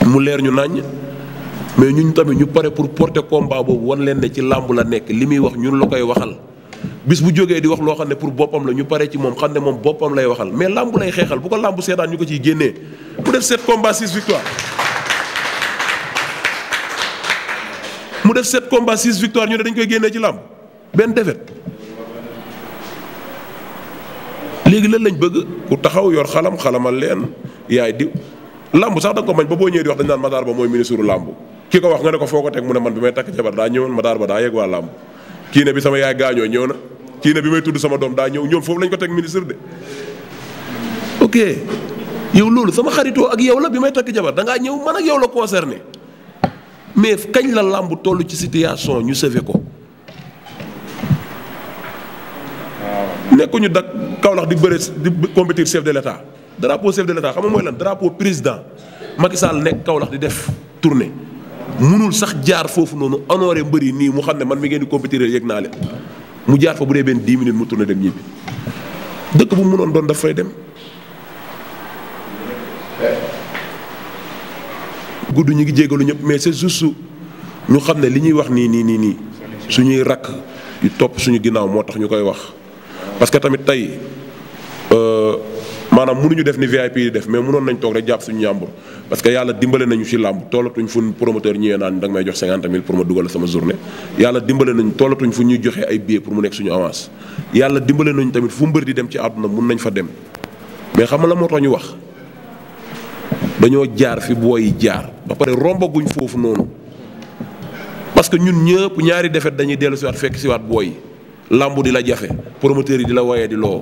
mu leer ñu nañ mais ñu tamit ñu pare pour porter combat boobu wan leen ci làmb la nekk li muy wax ñun la koy waxal bis bu jógee di wax loo xam ne pour boppam la ñu pare ci moom xam ne moom boppam lay waxal mais làmb lay xeexal bu ko làmb seetaan ñu ko ciy génnee mu def sept combats six victoire mu def sept combats six victoire ñu ne dañ koy génnee ci làmb benn défaite léegi lan lañ bëgg ku taxaw yor xalam xalamal leen yaay diw làmb sax da nga ko mañ ba boo ñëwee di wax dañ naan Matar Ba mooy ministre lamb ki ko wax nga ne ko foo ko teg mu ne man bi may takk jabar daa bi sama yaay gaañoo ñëw na kii bi may tudd sama daa ñëw ñoom foofu lañ ko teg ministre de ok yow loolu sama xaritoo ak yow la bi may takk jabar da ngaa ñëw man ak yow la concerné mais kañ la làmb toll ci situation ñu sauvé ko. nekkuñu dak Kaolack di bëre di compétir chef de l' état. drapeau chef de l' état xam nga mooy lan drapeau président Macky Sall nekk Kaolack di def tournée munul sax jaar foofu noonu honoré mbër yi nii mu xam ne man mi ngeen di compétir yëg naa leen mu jaar fa bu dee benn 10 minutes mu tourné dem ñibbi dëkk bu mu mënoon doon daf fay dem. gudd ñu ngi jégalu ñëpp mais c'est su ñu xam ne li ñuy wax nii nii nii nii suñuy rakk yu topp suñu ginnaaw moo tax ñu koy wax parce que tamit tey. Euh, maanaam mënuñu def ni VIP di def mais mënoon nañ toog rek jàpp suñu ñàmbur parce que yàlla dimbale nañu ci làmb tollatuñ fu promoteur naan da nga may jox 50 000 ma dugal sama yàlla dimbale nañ tollatuñ fu ñuy joxee ay billets pour mu nekk suñu avance yàlla dimbale nañu tamit fu mbër di dem ci àdduna mun nañ fa dem mais xam nga la moo tax ñu wax dañoo jaar fi booy jaar ba pare rombaguñ foofu noonu parce que ñun ñëpp ñaari defet dañuy dellu si waat fekk si booy làmb di la jafe promoteur yi di la woyee di loo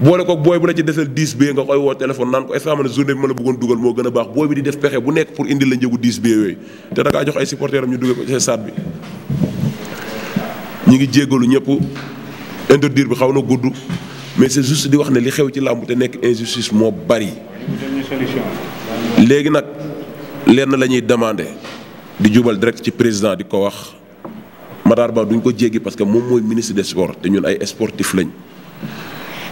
boole ko booy bu la ci desal 10 bee nga koy woo téléphone naan ko est-ce que xam ne journée bi ma la bëggoon dugal moo gën a baax booy bi di def pexe bu nekk pour indi la njëgu 10 bee yooyu te da ngaa jox ay supporteurs am ñu dugal ko ci stade bi. ñu ngi jéggalu ñëpp interdire bi xaw na gudd mais c'est juste di wax ne li xew ci làmb te nekk injustice moo bari. léegi nag lenn la ñuy demander di jubal direct ci président di ko wax Matar Ba duñ ko jéggi parce que moom mooy ministre des sports te ñun ay sportif lañ.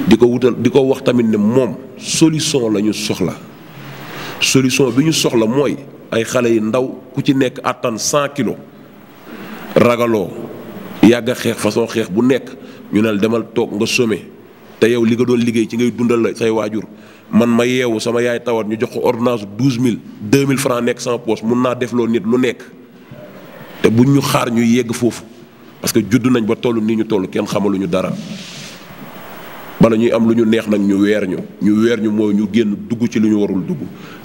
di ko wutal di ko wax tamit ne moom solution la ñu soxla solution bi ñu soxla mooy ay xale yi ndaw ku ci nekk attan 100 kilos ragaloo yàgg a xeex façon xeex bu nekk ñu ne demal toog nga some te yow li nga doon liggéey ci ngay dundal la say waajur man ma yeewu sama yaay tawat ñu jox ko mille 12000 2000 francs nekk sans poche mun naa def loo nit lu nekk te buñ ñu xaar ñu yegg foofu parce que judd nañ ba toll nii ñu toll kenn xamaluñu dara. bala ñuy am lu ñu neex nag ñu weer ñu ñu weer ñu mooy ñu génn dugg ci lu ñu warul dugg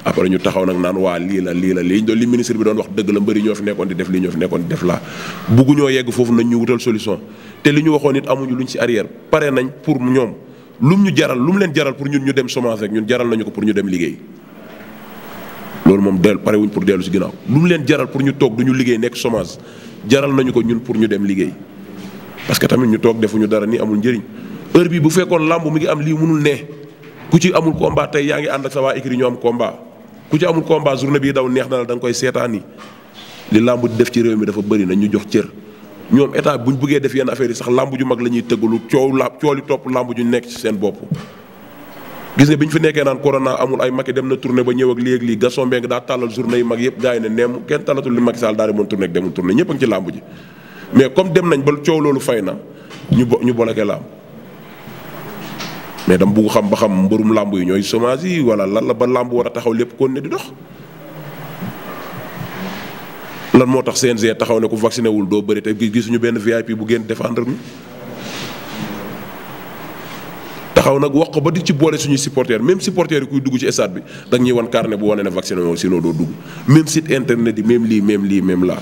après ñu taxaw nag naan waa lii la lii la lii doon li ministre bi doon wax dëgg la mbëri ñoo fi nekkoon di def lii ñoo fi nekkoon di def laa bugg ñoo yegg foofu nañ ñu wutal solution te li ñu waxoon it amuñu luñ si arrière pare nañ pour ñoom lum ñu jaral mu leen jaral pour ñun ñu dem semence rek ñun jaral nañu ko pour ñu dem liggéey loolu moom dellu pare wuñ pour dellu si ginnaaw lum leen jaral pour ñu toog du liggéey nekk semence jaral nañu ko ñun pour ñu dem liggéey parce que tamit ñu toog defuñu dara ni amul njëriñ heure bi bu fekkoon làmb mu ngi am lii mënul ne ku ci amul combat tey yaa ngi ànd ak sa waa écrit ñu am combat ku ci amul combat journée bii daw neex na la da koy seetaan yi li làmb di def ci réew mi dafa bëri na ñu jox cër ñoom état bu ñu bëggee def yenn affaire yi sax làmb ju mag la ñuy tëggalu coow la coow li topp làmb ju nekk ci seen bopp gis nga bi ñu fi nekkee naan corona amul ay Macky dem na tournée ba ñëw ak lii ak lii Gaston Mbengue daa tàllal yu mag yëpp gars yi ne neem kenn tàllatul li Macky Sall daa demoon tournée ak demul mais comme dem nañ ba coow loolu fay na ñu bo ñu bolekee làmb mais dama bugg xam ba xam mbërum làmb yi ñooy chômage yi wala lan la ba làmb war a taxaw lépp kon ne di dox lan moo tax CNG taxaw ne ko vacciné wul doo bari te gisuñu benn VIP bu génn défendre ñu taxaw nag wax ko ba di ci boole suñuy supporters même supporters yi kuy dugg ci stade bi dag ñuy wan carnet bu wane ne vacciné si sinon doo dugg même site internet yi même lii même lii même laa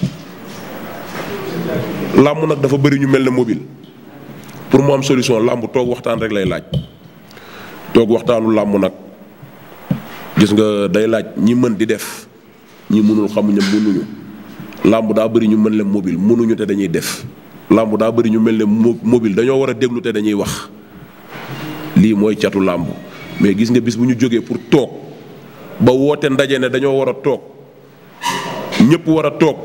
làmb nag dafa bëri ñu mel ne mobile pour mu am solution làmb toog waxtaan rek lay laaj toog waxtaanu làmb nag gis nga day laaj ñi mën di def ñi mënul xamuñu làmb daa bari ñu mën leen mobile mënuñu te dañuy def làmb daa bari ñu mel ne mobile dañoo war a déglu te dañuy wax lii mooy catu làmb mais gis nga bis bu ñu jógee pour toog ba woote ndaje ne dañoo war a toog ñëpp war a toog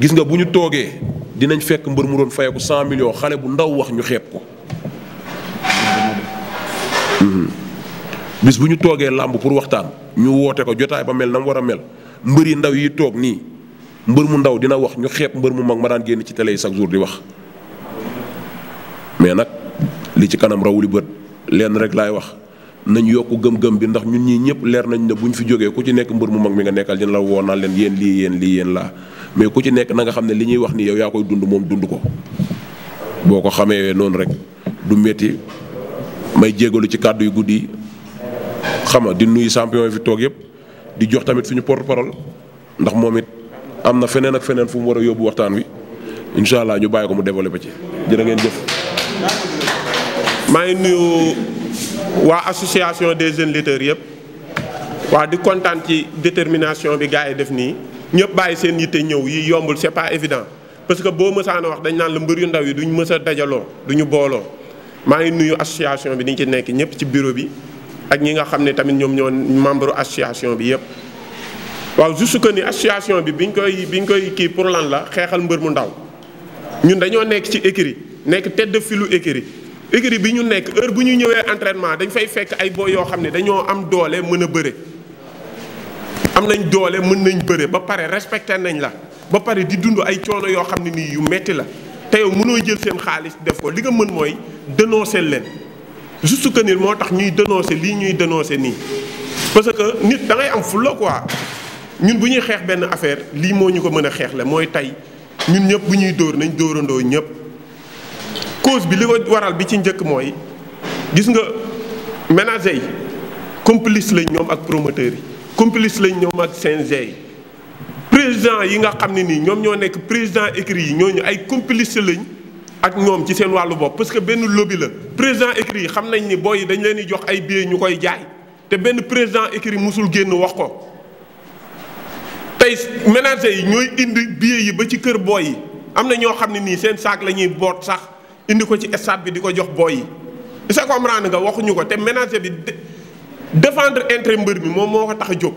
gis nga bu ñu toogee dinañ fekk mbër mu doon fayeku 100 millions xale bu ndaw wax ñu xeeb ko. bis bu ñu toogee làmb pour waxtaan ñu woote ko jotaay ba mel na mu war mel mbër yi ndaw yi toog nii mbër mu ndaw dina wax ñu xeeb mbër mu mag ma daan génn ci tele yi chaque jour di wax. mais nag li ci kanam rawuli bët lenn rek laay wax nañu yokk gëm-gëm bi ndax ñun ñii ñëpp leer nañ ne ñu fi jógee ku ci nekk mbër mu mag mi nga nekkal dina la woo naan leen yéen lii yéen yéen laa mais ku ci nekk nanga xam ne li ñuy wax ni yow yaa koy dund moom dund ko boo ko xamee noonu rek du métti may jégalu ci kàddu yu guddi xam nga di nuyu champion yi fi toog yëpp di jox tamit suñu porte parole ndax moom it am na feneen ak feneen fu mu war a yóbbu waxtaan wi incha allah ñu bàyyi ko mu développé ci jërë ngeen jëf. maa ngi nuyu waa association des jeunes lutteurs yëpp waa di kontaan ci détermination bi gars yi def nii ñëpp bàyyi seen yitte ñëw yi yombul c'est pas évident parce que boo mësaana wax dañ naan la mbër yu ndaw yi duñu mës a dajaloo duñu booloo maa ngi nuyu association bi ni ci nekk ñëpp ci bureau bi. ak ñi nga xam ne tamit ñoom ñoo membre association bi yëpp. waaw juste que ni association bi biñ koy biñ koy kii pour lan la xeexal mbër mu ndaw ñun dañoo nekk ci écurie nekk tête de filu écurie écurie bi ñu nekk heure bu ñu ñëwee entraînement dañ fay fekk ay boy yoo xam ne dañoo am doole mën a bëre. am nañ doole mën nañ bëre ba pare respecté nañ la ba pare di dund ay coono yoo xam ne nii yu metti la te yow mënoo jël seen xaalis def ko li nga mën mooy dénoncer leen. juste que nit moo tax ñuy dénoncer lii ñuy dénoncer nii parce que nit da ngay am fulla quoi ñun bu ñuy xeex benn affaire lii moo ñu ko mën a xeexle mooy tey ñun ñëpp bu ñuy dóor nañ dóorandoo ñëpp cause bi li ko waral bi ci njëkk mooy gis nga ménager yi complice lañ ñoom ak promoteur yi complice lañ ñoom ak CNG yi président yi nga xam ne nii ñoom ñoo nekk président écrit yi ñooñu ay complice lañ ak ñoom ci seen wàllu bopp parce que benn lobby la président écrit yi xam nañ ni booy yi dañ leen di jox ay billets ñu koy jaay te benn président écrit musul génn wax ko tey ménager yi ñooy indi billets yi ba ci kër booy yi am na ñoo xam ne nii seen saak la ñuy boot sax indi ko ci stade bi di ko jox booy yi est-ce que nga waxuñu ko te ménager bi défendre intérêt mbër mi moom moo ko tax a jóg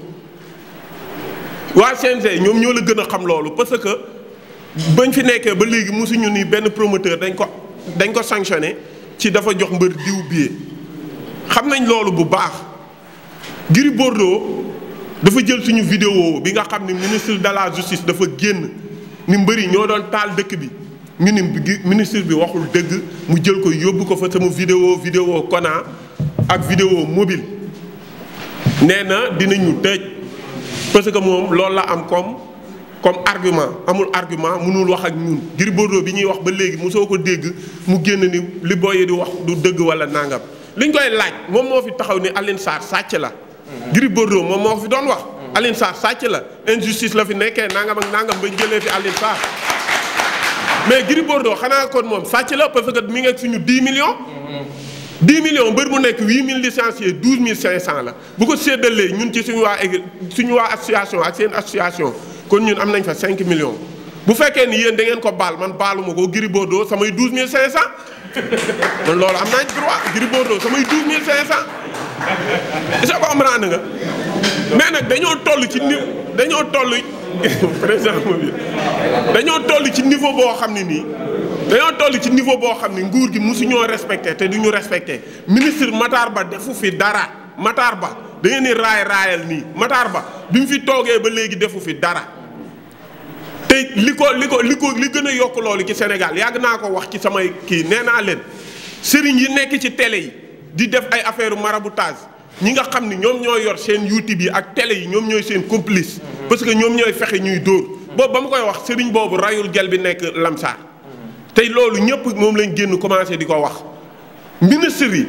waa CNG ñoom ñoo la gën a xam loolu parce que bañ fi nekkee ba léegi mosuñu ni benn promoteur dañ ko dañ ko sanctionné ci dafa jox mbër diw billet xam nañ loolu bu baax Gris Bordeaux dafa jël suñu vidéo bi nga xam ne ministre de la justice dafa génn ni mbër ñoo doon taal dëkk bi ñu ni ministre bi waxul dëgg mu jël ko yóbbu ko fa sama vidéo vidéo kona ak vidéo mobile nee na dinañu tëj parce que moom loolu la am comme comme argument amul argument mënul wax ak ñun Gris Bordeaux bi ñuy wax ba léegi mu soo ko dégg mu génn ni li booyee di wax du dëgg wala nangam liñ koy laaj moom moo fi taxaw ni Alioune Sarr sàcc la. Mhm. Gris Bordeaux moom moo fi doon wax. Mhm. Alioune Sarr sàcc la injustice la fi nekkee nangam ak nangam ba jëlee fi Alioune Sarr mais Gris Bordeaux xanaa kon moom sàcc la parce que mi ngi ak suñu 10 millions. 10 mhm. millions mbër mu nekk 8000 licenciés 12500 la bu ko séddalee ñun ci suñu waa suñu waa association ak seen kon ñun am nañ fa 5 millions bu fekkee ni yéen da ngeen ko baal man baaluma ko Gris Bordeaux samay 12500 man loolu am naa droit Gris samay 12500 est-ce que nga mais nag dañoo toll ci ni dañoo toll président toll ci niveau boo xam ne nii dañoo toll ci niveau boo xam ne nguur gi mosuñoo respecté te duñu respecté ministre Matar Ba defu fi dara Matar Ba da ngeen di raay raayal nii Matar Ba bi mu fi toogee ba léegi defu fi dara. te li ko li ko li ko li gën a yokk loolu ci Sénégal yàgg naa ko wax ci samay kii nee naa leen sëriñ yi nekk ci télé yi di def ay affaire maraboutage ñi nga xam ni ñoom ñooy yor seen YouTube yi ak télé yi ñoom ñooy seen complice. parce que ñoom ñooy fexe ñuy dóor. boobu ba mu koy wax sëriñ boobu rayul jël bi nekk Lamsaar. tey loolu ñëpp moom lañ génn commencé di ko wax ministre yi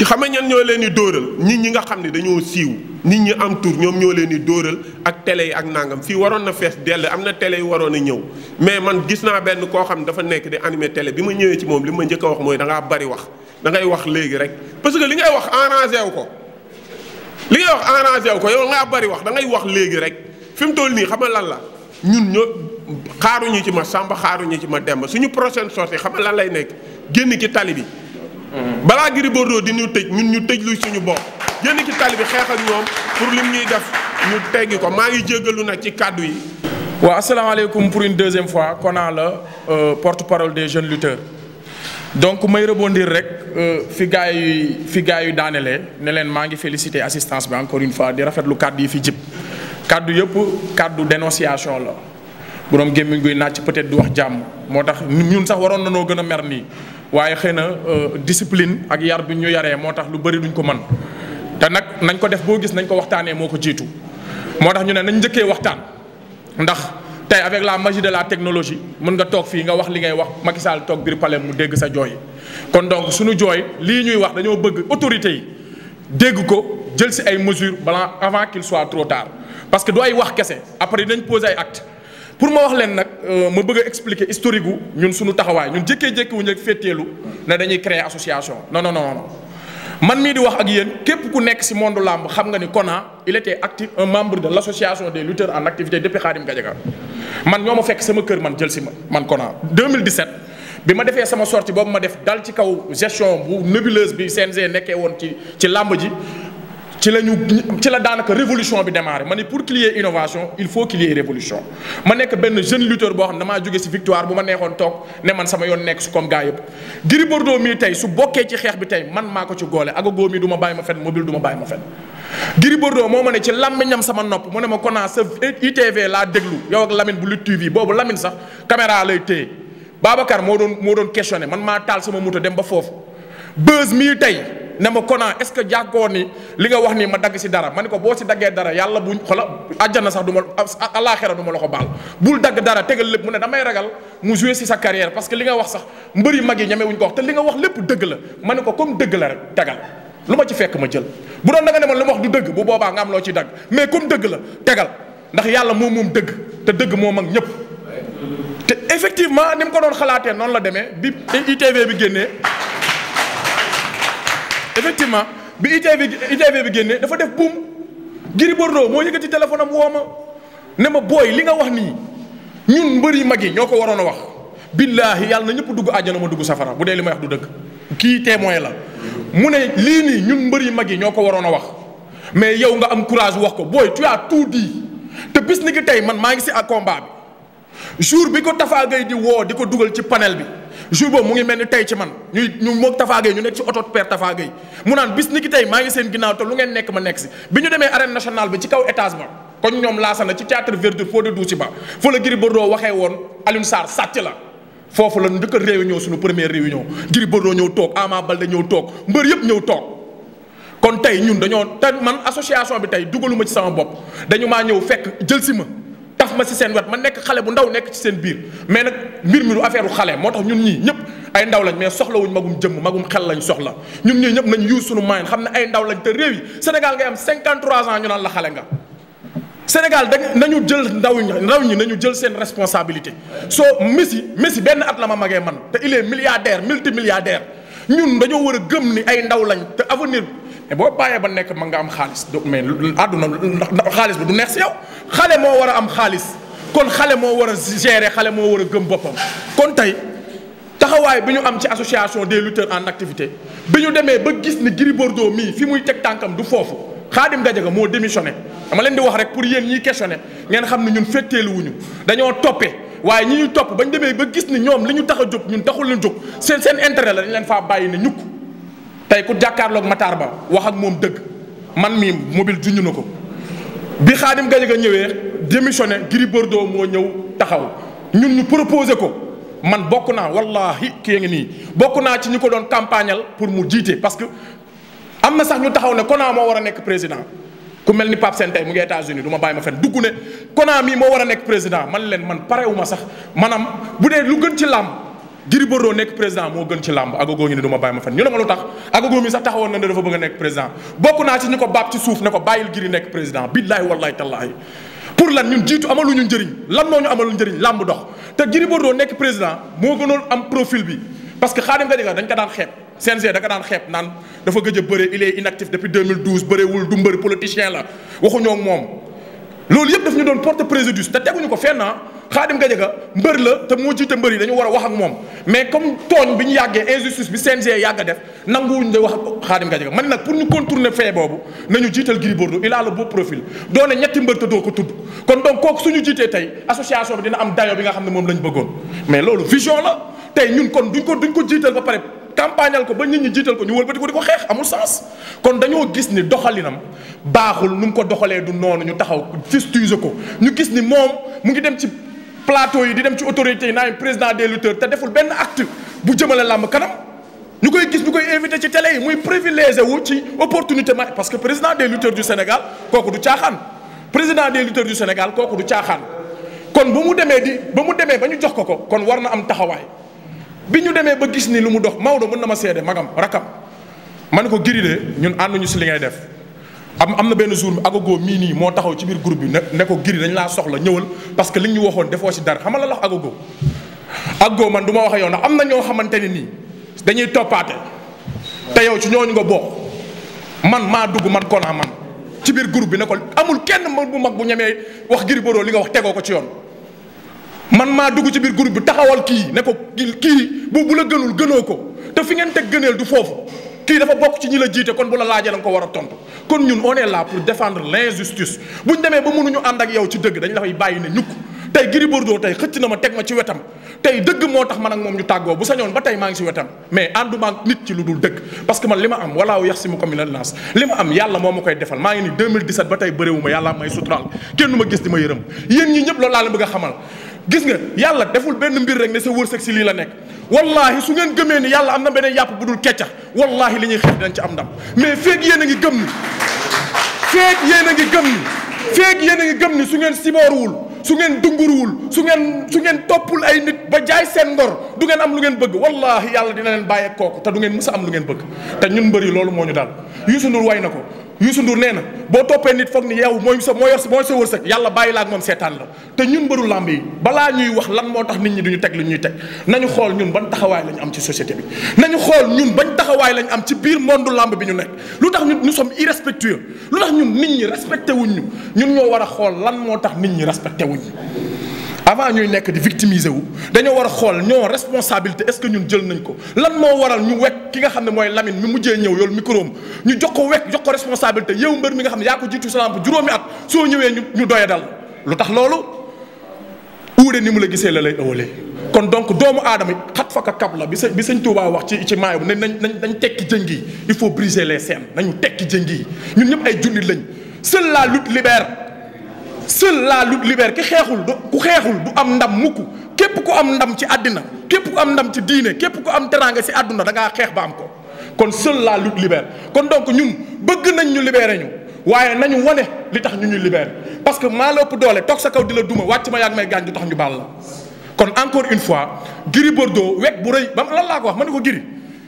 ci xam ñan ñoo leen di dóoral nit ñi nga xam ni dañoo siiw nit ñi am tur ñoom ñoo leen di dóoral ak télé yi ak nangam fii waroon na fees dell am na télé yu waroon a ñëw mais man gis naa benn koo xam ne dafa nekk di animé télé bi ma ñëwee ci moom li ma njëkk a wax mooy da bari wax da ngay wax léegi rek parce que li ngay wax arrangé wu ko li ngay wax arrangé wu ko yow ngaa bari wax da ngay wax léegi rek fi mu toll nii xam nga lan la ñun ñoo xaaruñu ci ma Samba xaaruñu ci ma Demba suñu prochaine sortie xam nga lan lay nekk génn ci tali bi Mm-hmm. balaa Gris Bordeaux di ñu tëj ñun ñu tëj lu suñu bopp génn ci tali bi xeex ak ñoom pour lim ñuy def ñu teggi ko maa ngi jéggalu nag ci kàddu yi. waaw asalaamaaleykum pour une deuxième fois konaa la euh, porte-parole des jeunes lutteurs donc may rebondir rek euh, fi gars yi fi gars yu daanelee ne leen maa ngi féliciter assistance bi encore une fois di rafetlu kàddu yi fi jib kàddu yëpp kàddu dénonciation la borom gémmiñ guy naaj peut-être du wax jàmm moo tax ñun sax waroon na noo gën a mer nii. waaye xëy na euh, discipline ak yar bi ñu yaree moo tax lu bëri duñ ko man te nag nañ ko def boo gis nañ ko waxtaanee moo ko jiitu moo tax ñu ne nañ njëkkee waxtaan ndax tey avec la magie de la technologie mën nga toog fii nga wax li ngay wax Macky Sall toog biir palais mu dégg sa jooy kon donc suñu jooy lii ñuy wax dañoo bëgg autorités yi dégg ko jël si ay mesures bala avant qu'il soit trop tard parce que du ay wax kese après dañ poser ay act pour ma wax leen nag euh, ma bëgg a expliquer historique gu ñun suñu taxawaay ñun jékkee-jékki wu rek fetteelu ne dañuy créer association non no no non man mii di wax ak yéen képp ku nekk ci monde làmb xam nga ni Kona il était actif un membre de l' des lutteurs en activité depuis Khadim Gadiaga man ñoo ma fekk sama kër man jël si ma man Kona 2017 bi ma defee sama sortie boobu ma def dal ci kaw gestion bu nébuleuse bi CNG nekkee woon ci ci làmb ji ci la ñu ci la daanaka révolution bi démarré ma ne pour qu'il y ait innovation il faut qu'il y révolution ma nekk benn jeune lutteur boo xam ne damaa jóge si victoire bu ma neexoon toog ne man sama yoon nekk su comme gars yëpp Gris Bordeaux mii tey su bokkee ci xeex bi tey man maa ko ci goole Agogo mii du ma bàyyi ma fen mobile du ma bàyyi ma fen Gris Bordeaux moo ma ne ci làmmiñam sama nopp mu ne ma konaa sa ITV laa déglu yow ak Lamine bu Lutte TV boobu Lamine sax caméra lay téye Babacar moo doon moo doon questionné man maa taal sama moto dem ba foofu buzz mii tey ne ma Kona est-ce que jàggoo ni li nga wax nii ma dagg si dara ma ne ko boo si daggee dara yàlla buñ xola àjjana sax du ma alaaxira du la ko baal bul dagg dara tegal lépp mu ne damay ragal mu joué si sa carrière parce que li nga wax sax mbëri mag yi ñeme wuñ ko wax te li nga wax lépp dëgg la ma ne ko comme dëgg la rek tegal lu ma ci fekk ma jël bu doon da nga ne ma li ma wax du dëgg bu boobaa nga am loo ci dagg mais comme dëgg la tegal ndax yàlla moo moom dëgg te dëgg moom ak ñëpp te effectivement ni mu ko doon xalaatee noonu la demee bi ITV bi génnee effectivement bi ITV ITV bi génnee dafa def buum Gris Bordeaux moo yëkkati téléphone am woo ma ne ma booy li nga wax nii ñun mbër yu mag yi ñoo ko waroon a wax. billaahi yàlla na ñëpp dugg àjjana ma dugg safara bu dee li may wax du dëgg kii témoin la mu ne lii nii ñun mbër yu mag yi ñoo ko waroon a wax mais yow nga am courage wax ko booy tu as tout di te bis ni ki tey man maa ngi si ak combat bi jour bi ko Tafa Gueye di woo di ko dugal ci panel bi. jour boobu mu ngi mel ni tey ci man ñuy ñu moog Tafa Gueye ñu nekk ci oto père Tafa Gueye mu naan bis ni ki tey maa ngi seen ginnaaw te lu ngeen nekk ma nekk si bi ñu demee arène nationale bi ci kaw étage ba kon ñoom laasana ci théâtre verdure foo de duusi ba fa la Gris Bordeaux waxee woon Alioune Sarr sàcc la foofu la njëkk a réunion suñu première réunion Gris Bordeaux ñëw toog Ama Baldé ñëw toog mbër yëpp ñëw toog kon tey ñun dañoo te man association bi tey dugaluma ci sama bopp dañu maa ñëw fekk jël si ma taf ma si seen wet ma nekk xale bu ndaw nekk ci seen biir mais nag mbir mi du affaire xale moo tax ñun ñii ñëpp ay ndaw lañ mais soxlawuñ magum jëmm magum xel lañ soxla ñun ñii ñëpp nañ use suñu moyen xam ne ay ndaw lañ te réew yi Sénégal ngay am 53 ans ñu naan la xale nga Sénégal da nañu jël ndaw ñi ndaw ñi nañu jël seen responsabilité soo missi Messi benn at la ma magee man te il est milliardaire multimilliardaire ñun dañoo war a gëm ni ay ndaw lañ te avenir boo bàyyee ba nekk ma nga am xaalis donc mais àdduna xaalis bi du neex si yow xale moo war a am xaalis kon xale moo war a gérer xale moo war a gëm boppam kon tey taxawaay bi ñu am ci association des lutteurs en activité bi ñu demee ba gis ni Gris Bordeaux mii fi muy teg tànkam du foofu Khadim Gadiaga moo démissionné dama leen di wax rek pour yéen ñiy questionné ngeen xam ne ñun fétteelu wuñu dañoo toppee waaye ñi ñu topp bañ demee ba gis ni ñoom li ñu tax a jóg ñun taxul leen jóg seen seen intérêt la dañ leen faa bàyyi ne ñukk tey ku jàkkaarloog mataar Ba wax ak moom dëgg man mii mobile junj na ko bi Khadim ga ñëwee démissionné Gris Bordeaux moo ñëw taxaw ñun ñu proposé ko man bokk naa wallahi kii ngi nii bokk naa ci ñu ko doon campagnal pour mu jiite parce que am na sax ñu taxaw ne Kona moo war a nekk président. ku mel ni Pape Sène tey mu ngi États-Unis du ma bàyyi ma fen dugg ne Konami moo war a nekk président man leen man parewu ma sax maanaam bu dee lu gën ci làmb Gris Bordeaux nekk président moo gën ci làmb Agogo ñu ne du ma bàyyi a nekk président bokk naa ko baab ci suuf ne ko bàyyil Gris nekk président billaahi wallaahi tallaahi lan moo ñu amalul njëriñ làmb dox te Gris Bordeaux nekk président moo gënoon am profil bi parce que Khadim Gadiaga dañ ko daan xeeb CNG da nga daan xeeb naan dafa gëj a bëre il est inactif depuis 2012 bëreewul du mbëri politicien la waxuñoo moom. loolu yëpp daf ñu doon porte préjudice te teguñu ko fenn Khadim ah. Gadiaga mbër la te moo jiite mbër yi dañu a wax ak moom mais comme tooñ bi ñu yàggee injustice bi CNG yàgg a def nanguwuñ da wax ak Khadim Gadiaga man nag pour ñu contourner fee boobu nañu jiital Gris Bordeaux il a le beau profil doone ñetti mbër te doo ko tudd kon donc kooku suñu tey association bi dina am bi nga xam ne moom lañ bëggoon mais loolu vision la tey ñun kon duñ ko duñ ko jiital ba pare campagnal ko ba nit ñi jiital ko ñu wëlbati ko di ko xeex amul sens kon dañoo gis ni doxalinam baaxul nu mu ko doxalee du noonu ñu taxaw fustige ko ñu gis ni moom mu ngi dem ci plateau yi di dem ci autorité yi naan président des lutteurs te deful benn acte bu jëmale làmb kanam ñu koy gis ñu koy invité ci tele yi muy privilégié wu ci opportunité ma parce que président des lutteurs du Sénégal kooku du caaxaan président des lutteurs du Sénégal kooku du caaxaan kon ba mu demee di ba mu demee ba ñu jox ko ko kon war na am taxawaay bi ñu demee ba gis ni lu mu dox Maodo mën na ma seede magam rakam man ko giri de ñun ànduñu si li ngay def am am na benn jour bi agogo mii nii moo taxaw ci biir groupe bi ne ne ko giri dañ laa soxla ñëwal parce que li ñu waxoon defoo si dara xam la wax agogo agogo man du ma wax yow ndax am na ñoo xamante ne nii dañuy toppaate te yow ci ñooñu nga bokk man maa dugg man konaa man ci biir groupe bi ne ko amul kenn bu mag bu ñemee wax giri boroo li nga wax tegoo ko ci yoon man maa dugg ci biir groupe bi taxawal kii ne ko kii bu bu la gënul gënoo ko te fi ngeen teg gëneel du foofu kii dafa bokk ci ñi la jiite kon bu la laajee nga ko war a tontu kon ñun on est là pour défendre l'injustice bu ñu demee ba mënuñu ànd ak yow ci dëgg dañ la fay bàyyi ne ñukk tey Gris Bordeaux tey xëcc na ma teg ma ci wetam tey dëgg moo tax man ak moom ñu tàggoo bu sañoon ba tey maa ngi ci wetam mais ànduma ak nit ci lu dul dëgg parce que man li ma moo ma koy maa ngi ni 2017 ba tey bëréewu ma yàlla may suturaal kenn ma gis di ma ñëpp loolu laa a xamal gis nga yàlla deful benn mbir rek ne sa wërsëg si lii la nekk wallahi su ngeen gëmee ni yàlla am na beneen yàpp bu dul keccax wallahi li ñuy xeex dañ ci am ndam mais feeg yéen a ngi gëm ni feeg yéen a ngi gëm ni yéen a gëm ni su ngeen sibooruwul su ngeen dunguruwul su ngeen su ngeen toppul ay nit ba jaay seen ngor du ngeen am lu ngeen bëgg wallahi yàlla dina leen bàyyeek kooku te du ngeen mës am lu ngeen bëgg te ñun mbër yi loolu moo ñu daal Youssou Ndour way na ko Youssou Ndour nee na boo toppee nit foog ni yow mooy sa mooy mooy sa wërsëg yàlla bàyyi la ak moom seetaan la te ñun mbëru làmb yi balaa ñuy wax lan moo tax nit ñi duñu teg lu ñuy teg nañu xool ñun ban taxawaay lañu am ci société bi nañu xool ñun bañ taxawaay lañu am ci biir monde làmb bi ñu nekk lu tax ñun nous sommes irrespectueux lu tax ñun nit ñi respecté wuñ ñu ñun ñoo war a xool lan moo tax nit ñi respecté wuñ ñu avant ñuy nekk di victimiser wu dañoo war a xool ñoo responsabilité est-ce que ñun jël nañ ko lan moo waral ñu wekk ki nga xam ne mooy Lamine mi mujjee ñëw yoolu microom ñu jox ko wekk jox ko responsabilité yow mbër mi nga xam ne yaa ko jiitu salam bu juróomi at soo ñëwee ñu ñu doye dal lu tax loolu uure ni mu la gisee la lay ëwalee kon donc doomu aadama xat faka kab la bi sa bi sañ Tuubaa wax ci ci maayam ne nañ nañ nañ tekki jëng yi il faut briser les chaînes nañu tekki jëng yi ñun ñëpp ay jullit lañ seule la lutte libère sël la lutte libère ki xeexul du ku xeexul du am ndam mukk képp ku am ndam ci àddina képp ku am ndam ci diine képp ku am teraanga si àdduna da ngaa xeex ba am ko kon seule laa lutte libère kon donc ñun bëgg nañ ñu libéré ñu waaye nañu wane li tax ñu ñuy libéré parce que maa la ëpp doole toog sa kaw di la duma wàcc ma yàgg may gaañ du tax ñu baal la kon encore une fois Gris Bordeaux wekk bu rëy ba lal laa ko wax ma ne ko Gris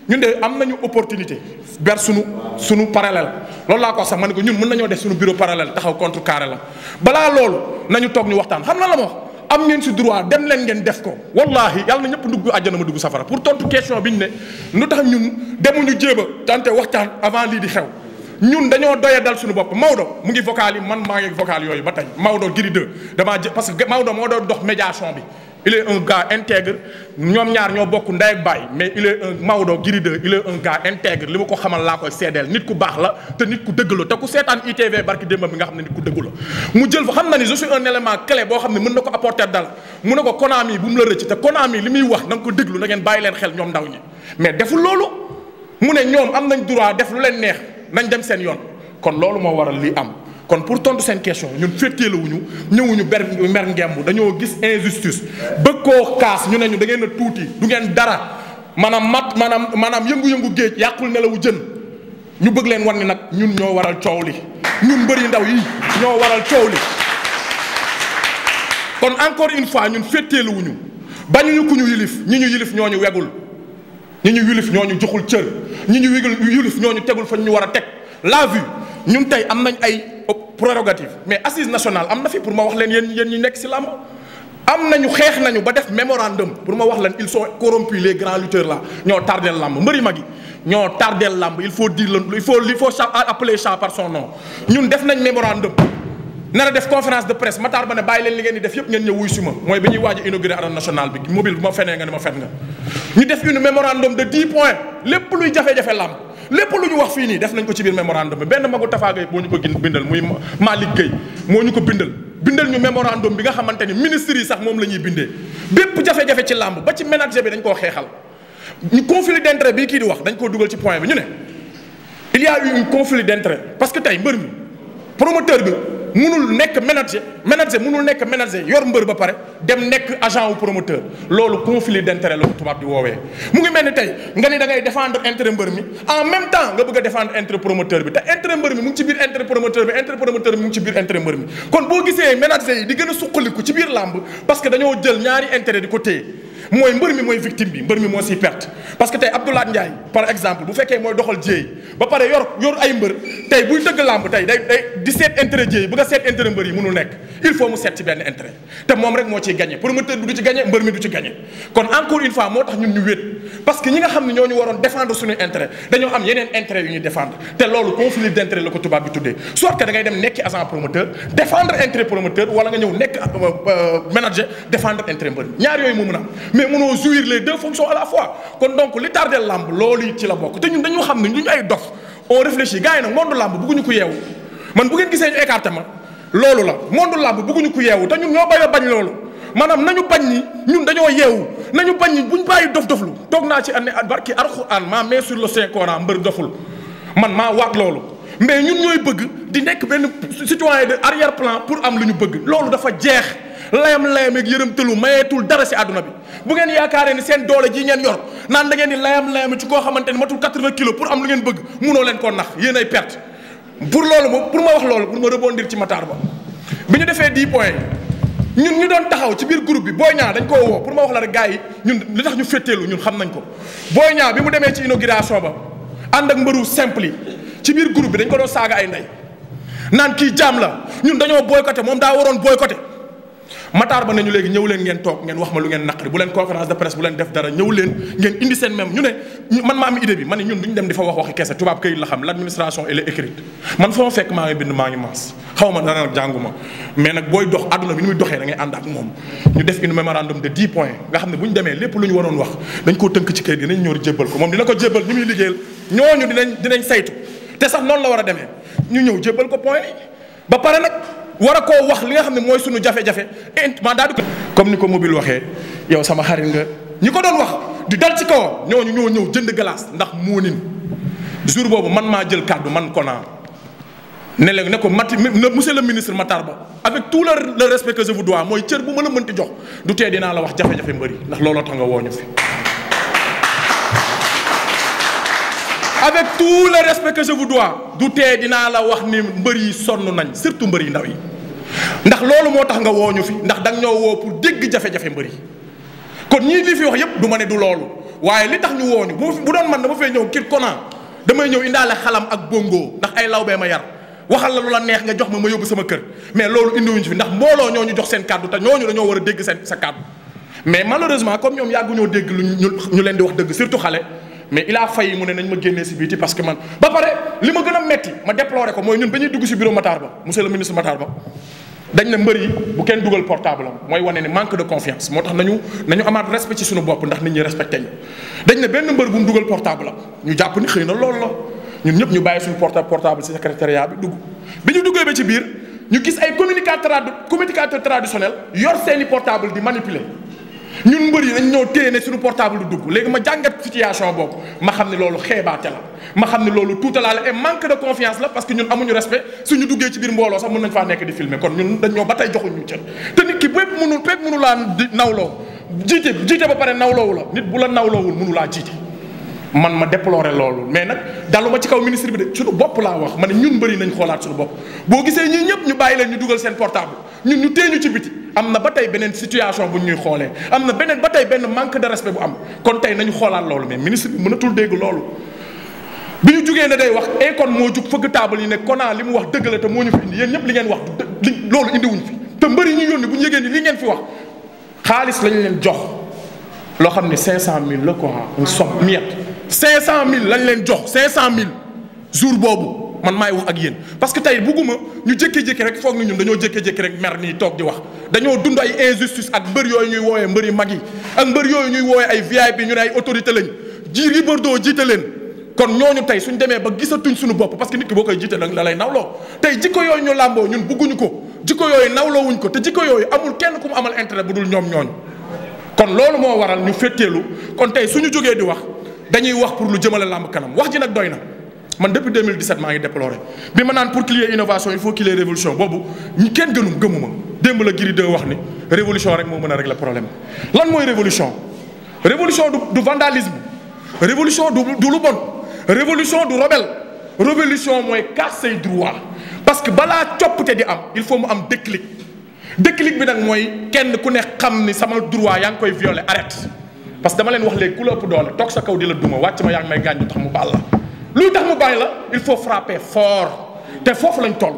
ñun de am nañu opportunité ber sunu sunu parallèle loolu laa ko wax sax ma ne ko ñun mun nañoo def suñu bureau parallèle taxaw contre carré la balaa loolu nañu toog ñu waxtaan xam na la ma am ngeen si droit dem leen ngeen def ko wallahi yàlla na ñëpp dugg àjjana ma dugg safara pour tontu question bi ñu ne lu tax ñun demuñu jéem a tante waxtaan avant lii di xew ñun dañoo doye dal suñu bopp Maodo mu ngi vocal yi man maa ngi vocal yooyu ba tey Maodo giri 2 damaa parce que Maodo moo doon dox médiation bi il est un gars intègre ñoom ñaar ñoo bokk ndey ak baay mais il est un Maodo Giri 2 il est li ma ko xamal laa koy seedeel nit ku baax la te nit ku dëgg la te ku seetaan ITV barki démb bi nga xam ne nit ku dëgg mu jël fa xam na ni je suis un élément clé boo xam ne mën na ko apporter dal mu ne ko Konami bu mu la rëcc te Konami li muy wax na nga ko déglu na ngeen bàyyi leen xel ñoom ndaw ñi mais deful loolu mu ne ñoom am nañ droit def lu leen neex nañ dem seen yoon kon loolu moo waral lii am. kon pour tontu seen question ñun féeteeluwuñu ñëwuñu ber mer ngemb dañoo gis injustice bëgg koo kaas ñu ne ñu dangeen a tuuti du ngeen dara maanaam mat maanaam maanaam yëngu-yëngu géej yàqul nelawu jën ñu bëgg leen wan ni nag ñun ñoo waral coow li ñun mbëri ndaw yi ñoo waral coow li kon encore une fois ñun féeteeluwuñu bañuñu ku ñu yilif ñi ñu yilif ñoo ñu wegul ñu ñu yilif ñoo ñu joxul cër ñi ñu wegul yilif ñoo ñu tegul fa ñu war a teg la vue ñun tey am nañ ay prérogative mais assise nationale am na fi pour ma wax leen yéen yéen ñi nekk si làmb am nañu xeex nañu ba def mémorandum pour ma wax leen ils sont corrompus les grands lutteurs là ñoo tardeel làmb mbëri mag yi ñoo tardeel làmb il faut dire le il faut il faut appeler ça ñun def nañ mémorandum nar a def conférence de presse Matar ba ne bàyyi leen li ngeen di def yëpp ngeen ñëw wuy suma mooy bi ñuy waaj a inauguré arène nationale bi mobile bu ma lépp luy jafe-jafe lépp lu ñu wax fii nii def nañ ko ci biir mémorandum bi benn magu Tafa Gueye boo ñu ko gin bindal muy Malick Gueye moo ñu ko bindal bindal ñu mémorandum bi nga xamante ni ministres yi sax moom la ñuy bindee bépp jafe-jafe ci làmb ba ci ménager bi dañ koo xeexal ñu conflit d'intérêt bii kii di wax dañ koo dugal ci point bi ñu ne il y a eu un conflit d'intérêt parce que tey mbër mi promoteur bi munul nekk manager manager munul nekk manager yor mbër ba pare dem nekk agent wu promoteur loolu conflit d'intérêt la tubaab di woowee. mu ngi mel ni tey nga ni da ngay défendre mbër mi en même temps nga bëgg a défendre intérêt promoteur bi te intérêt mbër mi mu ngi ci biir intérêt promoteur bi intérêt promoteur bi mu ngi ci biir intérêt mbër mi kon boo gisee manager yi di gën a suqaliku ci biir làmb parce que dañoo jël ñaari intérêt di ko téye. mooy mbër mi mooy victime bi mbër mi moo siy perte parce que tey Abdoulaye Ndiaye par exemple bu fekkee mooy doxal jéey ba pare yor ay mbër tey buy dëgg làmb tey day day di seet intérêt jéey bu nga seet intérêt mbër yi mënul nekk il faut mu seet ci benn intérêt te moom rek moo ciy gagné promoteur bi du ci gagné mbër mi du ci gagné kon encore une fois moo tax ñun ñu wéet parce que ñi nga xam ne ñoo ñu waroon défendre suñu intérêt dañoo am yeneen intérêt yu ñuy défendre te loolu conflit d'intérêt la ko tubaab bi tuddee soit que da ngay dem nekki agent promoteur nekk euh, euh, manager défendre ñaar yooyu moo a mais mënoo jouir les deux fonctions à la fois kon donc li tardé làmb loolu it ci la bokk te ñun dañu xam ne ñu ay dof on réfléchit gars yi nag monde làmb bëgguñu ko yeewu man bu ngeen gisee ñu écarté ma loolu la monde làmb bëgguñu ko yeewu te ñun ñoo bay bañ loolu maanaam nañu bañ ni ñun dañoo yeewu nañu bañ ni buñ bàyyi dof doflu toog naa ci année barki alxuraan maa mais sur le saint coran mbër doful man maa waat loolu mais ñun ñooy bëgg di nekk benn citoyen de arrière plan pour am lu ñu bëgg loolu dafa jeex layam-layam ak yërëmtalu mayeetul dara si àdduna bi bu ngeen yaakaaree ni seen doole ji ngeen yor naan da ngeen di layam-layam ci koo xamante ni matul 80 kilos pour am lu ngeen bëgg munoo leen koo nax yéen ay perte pour loolu moom pour ma wax loolu pour ma rebondir ci Matar Ba bi ñu defee 10 points ñun ñu doon taxaw ci biir groupe bi Boy ñaa dañ koo woo pour ma wax la rek gars yi ñun li tax ñu fétteelu ñun xam nañ ko Boy Niang bi mu demee ci inauguration ba ànd ak mbëru simple yi ci biir groupe dañ ko doon saaga ay ndey naan kii jaam la ñun dañoo boycotté moom daa waroon boycotté Matar ba nañu léegi ñëw leen ngeen toog ngeen wax ma lu ngeen naqari bu leen conférence de presse bu leen def dara ñëw leen ngeen indi seen même booy dox àdduna bi ni muy doxee da ngay ànd ak moom ñu def une mémorandum de 10 points nga xam ne bu ñu demee lépp lu ñu waroon wax dañ koo tënk ci këyit gi nañ jébbal ko moom dina ko jébbal ñu muy liggéeyal ñooñu dinañ saytu te sax noonu la war a demee ñu ñëw jébbal ko point ba pare nag war a koo wax li nga xam ne mooy suñu jafe-jafe ma daal di comme ni ko mobile waxee yow sama xarit nga ñi ko doon wax di dal ci kawam ñooñu ñoo ñëw jënd glace ndax moonin jour boobu man maa jël kàddu man ko naa ne leen ne ko mati monsieur le ministre Matar Ba avec tout le respect que je vous mooy cër bu ma la mënti jox du tee dinaa la wax jafe-jafe mbëri ndax looloo tax nga woo ñu fi. avec tout le respect que je vous dois du tee dinaa la wax ni mbër yi sonn nañ surtout mbër yi ndaw yi ndax loolu moo tax nga woo ñu fi ndax danga ñoo woo pour dégg jafe-jafe mbër yi kon ñii li fi wax yëpp du ma ne du loolu waaye li tax ñu woo ñu bu doon man dama fay ñëw kit konan damay ñëw indaale xalam ak bongo ndax ay lawbee ma yar waxal la lu la neex nga jox ma ma yóbbu sama kër mais loolu indiwuñu fi ndax mbooloo ñoo ñu jox seen kàddu te ñooñu dañoo war a dégg seen sa kàddu mais malheureusement ñoom yàgguñoo dégg lu ñu leen di dëgg surtout xale mais il a failli mu ne nañ ma génnee si biiti parce que man ba pare li ma gën a metti ma déploré ko mooy ñun ba ñuy dugg si bureau Matar Ba monsieur le ministre Matar Ba dañ ne mbër yi bu kenn dugal portable am mooy wane ne manque de confiance moo tax nañu nañu amaat respect ci suñu bopp ndax nit ñi respecté ñu dañ ne benn mbër bu mu dugal portable am ñu jàpp ni xëy na loolu la ñun ñëpp ñu bàyyi suñu portable portable si secrétariat bi dugg ñu duggee ba ci biir ñu gis ay communicateur communicateur traditionnel yor portable di manipuler ñun mbër yi dañ ñoo téye ne suñu portable du dugg léegi ma jàngat situation boobu ma xam ne loolu xeebaate la ma xam ne loolu tuutalaale et manque de confiance la parce que ñun amuñu respect suñu duggee ci biir mbooloo sax mën nañ faa nekk di filmer kon ñun dañ ñoo ba tey joxuñu cër te nit ki bépp mënul bépp mënu laa di nawloo jiite jiite ba pare nawloowu la nit bu la nawloowul mënu laa jiite man ma déplorer loolu mais nag dalu ma ci kaw ministre bi de suñu bopp laa wax ma ne ñun bëri nañ xoolaat suñu bopp boo gisee ñii ñëpp ñu bàyyi leen ñu dugal seen portable ñun ñu téye ñu ci biti am na ba tey beneen situation bu ñu ñuy xoolee am na beneen ba tey benn manque de respect bu am kon tey nañu xoolaat loolu mais ministre bi mënatul dégg loolu bu ñu jugee ne day wax econ eh, moo jug fëgg taabal yi ne Kona li mu wax dëgg la te moo ñu fi indi ñëpp li ngeen wax li loolu te mbëri ñu yónni bu ñu yëgee ni li ngeen fi wax xaalis lañ leen jox loo xam ne 500000 la quoi une somme miette cinq cent mille lañ leen jox cinq cent mille jour boobu man maay wax ak yéen parce que tey bugguma ñu jékki-jékki rek foog na ñun dañoo jékki-jékki rek mer nii toog di wax dañoo dund ay injustice ak mbër yooyu ñuy woowee mbër yu mag yi ak mbër yooyu ñuy woowee ay VIP ñu ne ay autorité lañ ji ribardoo jiite leen kon ñooñu tey suñu demee ba gisatuñ suñu bopp parce que nit ki boo koy jiite da la lay nawloo tey jikko yooyu ñu làmboo ñun bugguñu ko jikko yooyu nawloo wuñ ko te jikko yooyu amul kenn ku mu amal ñoom ñooñu kon loolu moo waral ñu fétteelu kon tey suñu jógee di wax dañuy wax pour lu jëmale làmb kanam wax ji nag doy na man depuis 2017 maa ngi déploré bi ma naan pour qu'il y ait innovation il faut qu'il révolution boobu ñu kenn gënum gëmuma démb la Gris 2 wax ni révolution rek moo mën a régler problème lan mooy révolution révolution du vandalisme révolution du du lu bon révolution du rebelle révolution mooy casse say droit parce que balaa coppite di am il faut mu am déclic déclic bi nag mooy kenn ku ne xam ni sama droit yaa ngi koy violer arrête parce que dama leen wax léegi ku la ëpp doole toog sa kaw di la duma wàcc ma yaa ngi may gaañ lu tax mu baal la luy tax mu bàyyi la il faut frapper fort te foofu lañ toll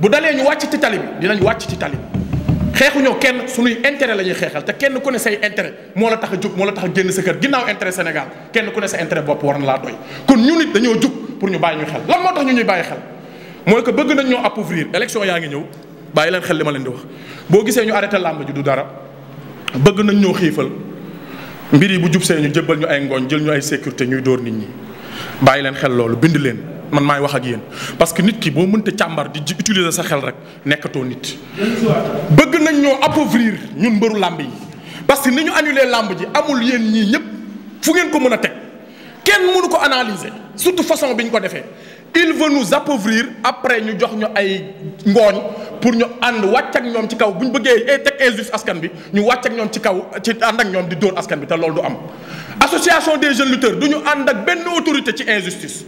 bu dalee ñu wàcc ci tali bi dinañ wàcc ci tali bi xeexuñoo kenn suñuy intérêt la lañuy xeexal te kenn ku ne say intérêt moo la tax a jóg moo la tax a génn sa kër ginnaaw intérêt Sénégal kenn ku ne sa intérêt bopp war na laa doy kon ñu nit dañoo jug pour ñu bàyyi ñu xel lan moo tax ñu ñuy bàyyi xel mooy que bëgg yaa ngi ñëw bàyyi leen xel li ma leen di wax boo gisee ñu arrêté làmb ji du dara bëgg nañ ñoo xiifal mbir yi bu jub see ñu jëbbal ñu ay ngooñ jël ñu ay sécurité ñuy dóor nit ñi bàyyi leen xel loolu bind leen man maay wax ak yéen parce que nit ki boo mënta càmbar di utiliser sa xel rek nekkatoo nit. bëgg nañ ñoo appauvrir ñun mbëru làmb yi parce que ni ñu annulé làmb ji amul yéen ñii ñëpp fu ngeen ko mën a teg kenn mënu ko analyser surtout façon bi ñu ko defee. il veut nous appauvrir après ñu jox ñu ay ngooñ pour ñu ànd wàcc ak ñoom ci kaw bu ñu bëggee eh, teg injustice askan bi ñu wàcc ak ñoom ci kaw ci ànd ak ñoom di dóor askan bi te loolu du am. association des jeunes lutteurs du ñu ànd ak benn autorité ci injustice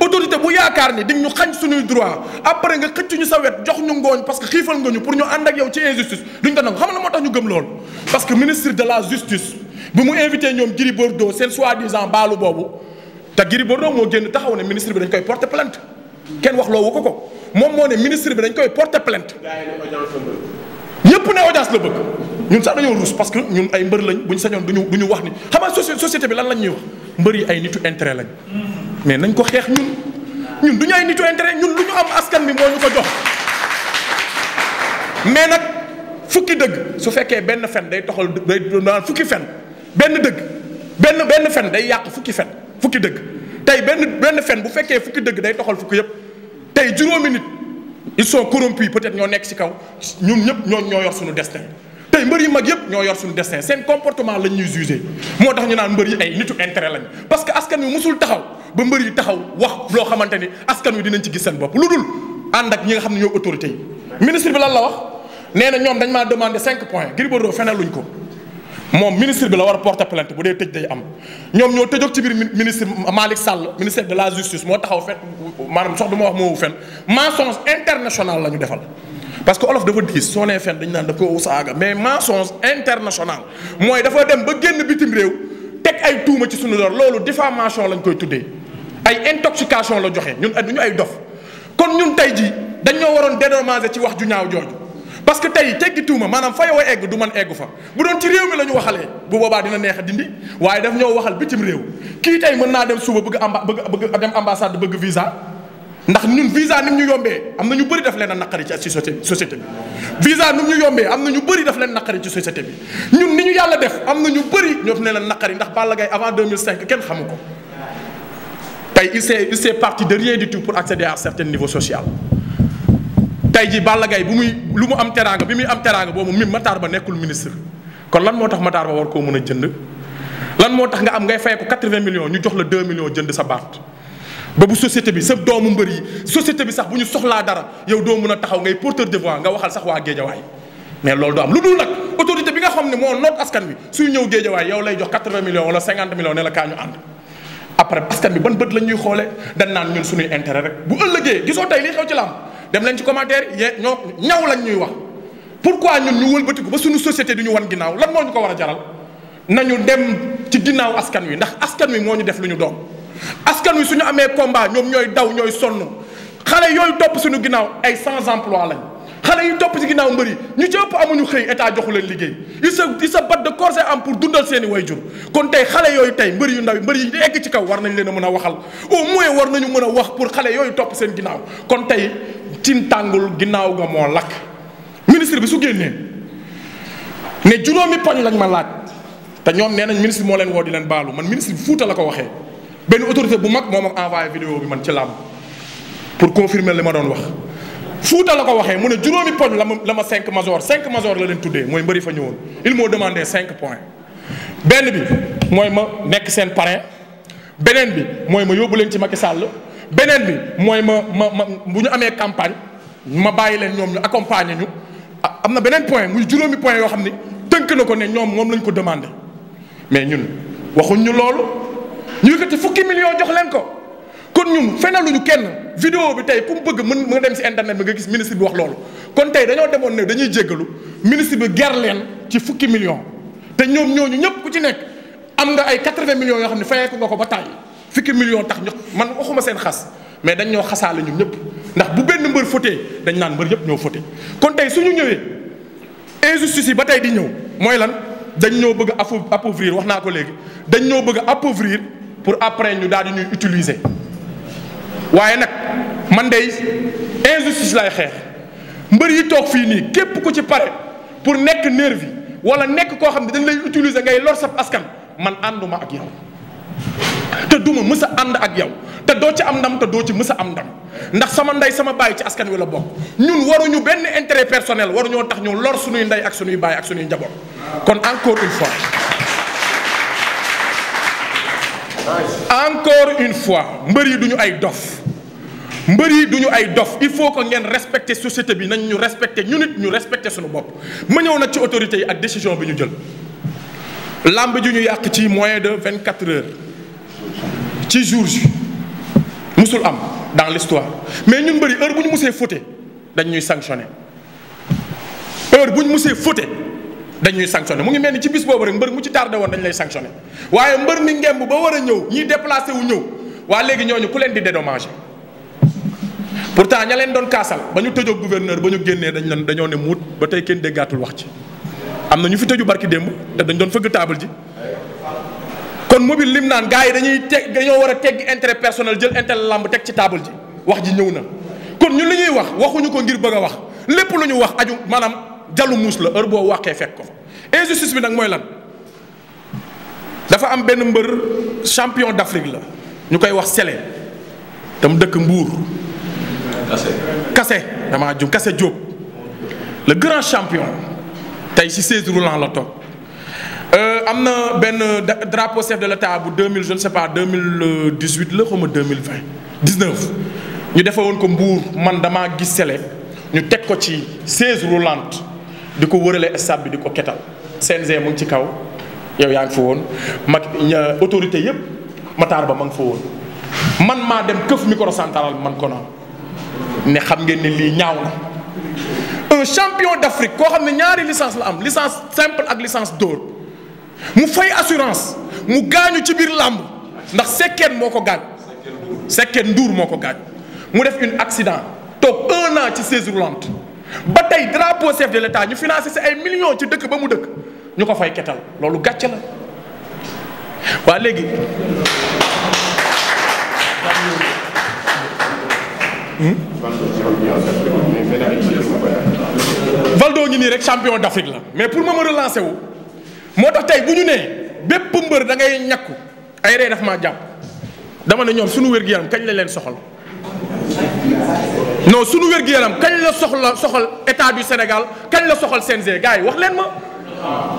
autorité bu yaakaar ni di ñu xañ suñuy droit après nga xëcc ñu sa wet jox ñu ngooñ parce que xiifal nga ñu pour ñu ànd ak yow ci injustice duñ ko nangu xam na moo tax ñu gëm loolu. parce que ministre de la justice mu invité ñoom Gris Bordeaux seen soi-disant baalu boobu. te Gris Bordeaux moo génn taxaw ne ministre bi dañ koy porter plainte kenn wax loo wu ko ko moom moo ne ministre bi dañ koy porter plainte. ñëpp ne audience la bëgg ñun sax dañoo ruus parce que ñun ay mbër lañ bu ñu sañoon duñu du ñu wax ni xam nga société bi lan lañ ñuy wax mbër yi ay nitu intérêt lañ mais nañ ko xeex ñun ñun du ñu ay nitu intérêt ñun lu ñu am askan bi moo ñu ko jox mais nag fukki dëgg su fekkee benn fen day toxal day naan fukki fen benn dëgg benn benn fen day yàq fukki fen fukki dëgg tey benn benn fen bu fekkee fukki dëgg day toxal fukki yëpp tey juróomi nit ils sont corrompus peut-être ñoo nekk ci kaw ñun ñëpp ñoo ñoo yor suñu destin tey mbër yu mag yëpp ñoo yor suñu destin seen comportement lañ ñuy jugé moo tax ñu naan mbër yi ay nitu intérêt lañ parce que askan wi musul taxaw ba mbër yi taxaw wax loo xamante ni askan wi dinañ ci gis seen bopp lu dul ànd ak ñi nga xam ne ñoo autorité yi ministre bi lan la wax nee na ñoom dañ maa demandé cinq points Gris Bordeaux ko moom ministre bi la war a porter plainte bu dee tëj day am ñoom ñoo tëjoog ci biir ministre Malick Sall ministère de la justice moo taxaw fet maanaam sox du wax moo fen mensonge international la defal. parce que olof dafa diis soo nee fen dañu naan da ko saaga mais mensonge international mooy dafa dem ba génn bitim réew teg ay tuuma ci suñu lor loolu diffamation lañ koy tuddee ay intoxication la joxe ñun du ñu ay dof kon ñun tey jii dañoo waroon dédommager ci wax ju ñaaw jooju. parce que tey teggi tuuma maanaam fa yow egg du man eggu fa bu doon ci réew mi la ñu waxalee bu boobaa dina neex a dindi waaye daf ñoo waxal bitim réew kii tey mën naa dem suba bëgg amba bëgg dem ambassade bëgg visa ndax ñun visa ni ñu yombee am na ñu bëri daf leen a naqari ci ci société bi am na ñu bëri daf leen naqari ci société bi ñun ni ñu yàlla def am na ñu bëri ñoo ne leen naqari ndax Balla Gaye avant 2005 kenn xamu ko tey il s'est il s'est parti de rien du tout pour accéder à certain tey ji Balla Gaye bu muy lu mu am teraanga bi muy am teraanga boobu mi Matar Ba nekkul ministre kon lan moo tax Matar Ba war koo mën a jënd lan moo tax nga am ngay fay ko 80 millions ñu jox la 2 millions jënd sa baat ba bu société bi sa doomu mbër yi société bi sax bu ñu soxlaa dara yow doo mën a taxaw ngay porteur de voix nga waxal sax waa géejawaay mais loolu du am lu dul nag autorité bi nga xam ne moo noot askan bi suy ñëw géejawaay yow lay jox 80 millions wala 50 millions ne la kaa ñu ànd après askan bi la ñuy xoolee dañ naan ñun suñuy intérêt rek bu ëllëgee gisoo tey lii xew ci làmb dem leen ci commentaire yee ñoo ñaw lañ ñuy wax pourquoi ñun ñu ko ba suñu société du wan ginnaaw lan moo ñu ko war a jaral nañu dem ci ginnaaw askan wi ndax askan wi moo ñu def lu ñu doon askan wi suñu amee combat ñoom ñooy daw ñooy sonn xale yooyu topp suñu ginnaaw ay sans emploi lañ xale yu topp ci ginnaaw mbëri ñu ci ëpp amuñu xëy état joxu leen liggéey il se il se bat de corps am pour dundal seen i wayjur kon tey xale yooyu tey mbëri yu ndaw yi mbëri yi egg ci kaw war nañ leen a mën a waxal au moins war nañu mën a wax pour xale yooyu topp seen ginnaaw kon cin tàngul ginnaaw nga moo lakk ministre bi su génnee ne juróomi poñ lañ ma laaj te ñoom nee nañ ministre moo leen woo di leen baalu man ministre bi fuuta la ko waxee benn autorité bu mag moo ma envoyé vidéo bi man ci làmb pour confirmer li ma doon wax fuuta la ko waxee mu ne juróomi poñ la ma la ma cinq major cinq major la leen tuddee mooy mbëri fa ñëwoon il moo demandé cinq points benn bi mooy ma nekk seen parrain beneen bi mooy ma yóbbu leen ci Macky sàll beneen bi mooy ma ma ma bu ñu amee campagne ma bàyyi leen ñoom ñu accompagner ñu am na beneen point muy juróomi point yoo xam ni tënk na ko ne ñoom moom lañ ko demandé mais ñun waxuñ ñu loolu ñu yëkkati fukki million jox leen ko kon ñun fenaluñu kenn vidéo bi tey ku mu bëgg mën nga dem si internet bi nga gis ministre bi wax loolu kon tey dañoo demoon ne dañuy jéggalu ministre bi ger leen ci fukki million te ñoom ñooñu ñëpp ku ci nekk am nga ay 80 millions yoo xam ne fayeeku nga ko ba fukki million tax ñu man waxuma seen xas mais dañ ñoo xasaale ñun ñëpp ndax bu benn mbër fotee dañ naan mbër yëpp ñoo fotee kon tey suñu ñëwee injustice yi ba tey di ñëw mooy lan dañ ñoo bëgg a appauvrir wax naa ko léegi dañ ñoo bëgg a pour après ñu daal di ñuy utiliser waaye nag man dey injustice lay xeex mbër yi toog fii nii képp ku ci pare pour nekk nervi wala nekk koo xam ne dañ lay utiliser ngay lor sab askan man ànduma ak yow te du ma mës a ànd ak yow te doo ci am ndam te doo ci mës a am ndam ndax sama ndey sama baay ci askan wi la bokk ñun waruñu benn intérêt personnel waruñoo tax ñu lor suñuy ndey ak suñuy baay ak suñuy njaboot kon encore une fois encore fois mbër yi duñu ay dof mbër yi duñu ay dof il faut que ngeen respecter société bi nañ ñu respecter ñu nit ñu respecter suñu bopp ma ñëw nag ci autorité yi ak décision bi ñu jël làmb ju ñu yàq ci moyen de vingt-quatre heures ci jour ji musul am dans l'histoire mais ñun bëri heure bu ñu musee fauté dañ ñuy sanctionné heure bu ñu musee fauté dañuy ñuy mu ngi mel ni ci bis boobu rek mbër mu ci tardé woon dañ lay sanctionné waaye mbër mi ngemb ba war a ñëw ñiy déplacé wu ñëw waa léegi ñu ku leen di pour pourtant ña leen doon kaasal ba ñu tëjoo gouverneur ba ñu génnee dañ leen dañoo ne muut ba tey kenn déggaatul wax ci am na ñu fi tëju barki démb te dañ doon fëgg taabal ji kon mobile lim naan gars yi dañuy teg dañoo war a teggi intérêt personnel jël intérêt làmb teg ci table ji wax ji ñëw na kon ñu li ñuy wax waxuñu ko ngir bëgg a wax lépp lu ñu wax aju maanaam jalu muus la heure boo waxee fekk ko fa injustice bi nag mooy lan dafa am benn mbër champion d'Afrique la ñu koy wax Sélé tam dëkk Mbour. kase damaa jum kase Diop le grand champion tey ci chaise roulante la toog. Euh, am na benn drapeau chef de l'État bu 2000 je ne sais pas 2018 la xaw ma 2020 19 ñu defe woon ko Mbour man damaa gis sele ñu teg ko ci 16 lant di ko wërale stade bi di ko ketal CNG mu ngi ci kaw yow yaa ngi fa woon mag autorité yëpp Matar Ba ma ngi fa woon man maa dem këf microcentral bi man ko naan ne xam ngeen ne lii ñaaw na un champion d'Afrique koo xam ne ñaari licence la am licence simple ak licence d'or mu fay assurance mu gaañu ci biir làmb ndax sekkeen moo ko gaañ sekkeen nduur moo ko gaañ mu def une accident toog un an ci chaise roulante ba tey drapeau chef de l'État ñu financé si ay millions ci dëkk ba mu dëkk ñu ko fay ketal loolu gàcce la waa léegi hmm? Valdo ngi nii rek champion d'Afrique la mais pour ma ma relancer wu moo tax tey bu ñu nee bépp mbër da ngay ñàkku ay ree daf maa jàpp dama ne ñoom suñu wér-gu-yaram kañ la leen soxal non suñu wér yaram kañ la soxla soxal état du Sénégal kañ la soxal CNG gars yi wax leen ma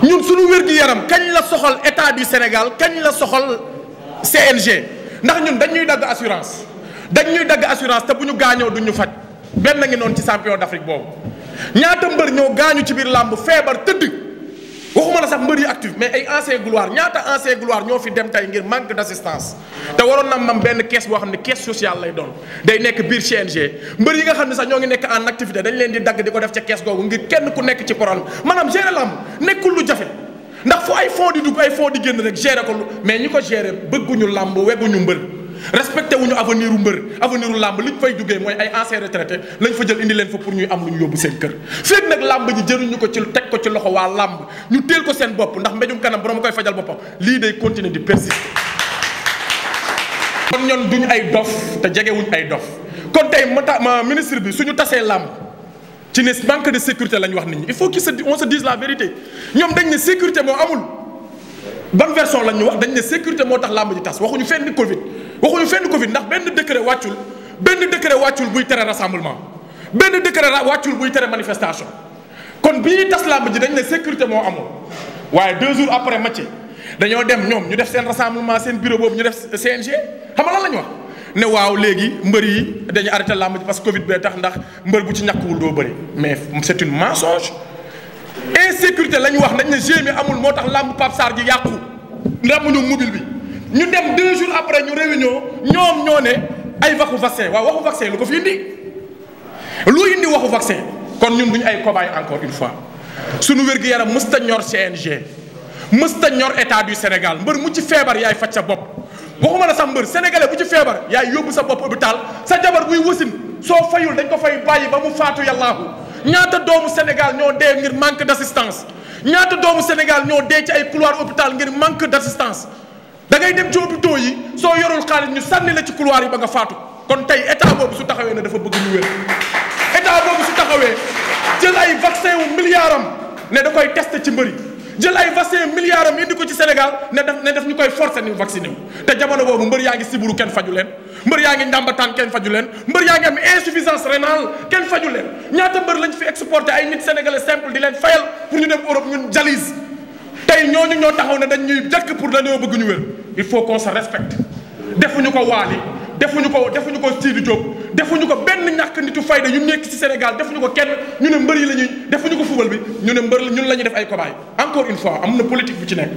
ñun suñu wér-gu-yaram kañ la soxal état du Sénégal kañ la soxal CNG ndax ñun dañuy dagg assurance dañuy dagg assurance te bu ñu gaañoo duñ ñu faj benn ngi noonu ci champion d'Afrique boobu ñaata mbër ñoo gaañu ci biir làmb feebar tëdd waxuma la sax mbër yi active mais ay ancien gloire ñaata ancien gloire ñoo fi dem tey ngir manque d' assistance te waroon na mam benn caisse boo xam ne caisse sociale lay doon day nekk biir CNG mbër yi nga xam ne sax ñoo ngi nekk en activité dañ leen di dagg di ko def ca caisse googu ngir kenn ku nekk ci problème maanaam gérer lamb nekkul lu jafe ndax fu ay fonds di dugg ay fonds di génn rek gérer ko mais ñi ko gérer bëgguñu làmb wegguñu mbër respecté wuñu avenir u mbër avenir làmb li ñu fay jógee mooy ay ancien retraité lañ fa jël indi leen fa pour ñuy am lu ñu yóbbu seen kër fekk nag làmb ji jëruñu ko ci teg ko ci loxo waa làmb ñu teel ko seen bopp ndax mbéjum kanam borom koy fajal boppam lii day continuer di persister kon ñoon duñu ay dof te jegewuñ ay dof kon tey ma ministre bi suñu tasee làmb ci ne manque de sécurité lañ wax nit ñi il faut qu'ils sa on sa dise la vérité ñoom dañ ne moo amul ban version lañ ñu wax dañ ne sécurité moo tax làmb ji tas waxuñu fenn Covid waxuñu fenn Covid ndax benn décret wàccul benn décret wàccul buy tere rassemblement benn décret wàccul buy tere manifestation kon bii tas làmb ji dañ ne sécurité moo amul waaye deux jours après match dañoo dem ñoom ñu def seen rassemblement seen bureau boobu ñu def CNG xam nga la ñu wax ne waaw léegi mbër yi dañu arrêté làmb ji parce que Covid bee tax ndax mbër bu ci ñàkkuwul doo bëri mais c'est une mensonge insécurité la ñu wax dañ ne GMI amul moo tax làmb Pape Sarr ji yàqu ndamuñu mobile bi. ñu dem deux jours après ñu réunion ñoom ñoo ne ay waxu vaccin waaw waxu vaccin lu ko fi indi lu indi waxu vaccin kon ñun ñu ay cobaye encore une fois suñu wér gu yaram mësta ñor CNG mësta ñor état du Sénégal mbër mu ci feebar yaay faj sa bopp waxuma la sax mbër sénégalais bu ci feebar yaay yóbbu sa bopp hôpital sa jabar buy wasin soo fayul dañ ko fay bàyyi ba mu faatu yàllaahu ñaata doomu Sénégal ñoo dee ngir manque d' assistance ñaata doomu Sénégal ñoo dee ci ay couloir hôpital ngir manque d' da ngay dem ci hôpitaux yi soo yorul xaalis ñu sànni la ci couloir yi ba nga faatu kon tey état boobu su taxawee ne dafa bëgg ñu wér boobu su taxawee jël ay vaccin wu milliard am ne da koy testé ci mbëri jël ay vaccin milliard am indi ko ci Sénégal ne daf ne daf ñu koy forcer ni vacciné te jamono boobu mbër yaa ngi siburu kenn faju leen mbër yaa ngi ndàmbataan kenn faju leen mbër yaa ngi am insuffisance rénale kenn faju leen ñaata mbër lañ fi exporté ay nit sénégalais simple di leen fayal pour ñu dem Europe ñun tey ñooñu ñoo taxaw ne dañ ñuy jëkk pour dañoo bëgg ñu wér il faut qu'on se respecte defuñu ko waali defuñu ko defuñu ko Sidi defu ñu ko benn ñàkk nitu fayda yu nekk ci Sénégal defuñu ko kenn ñu ne mbër yi la ñuy defuñu ko fubal bi ñu ne mbër ñun la ñuy def ay cobaye encore une fois am na politique bu ci nekk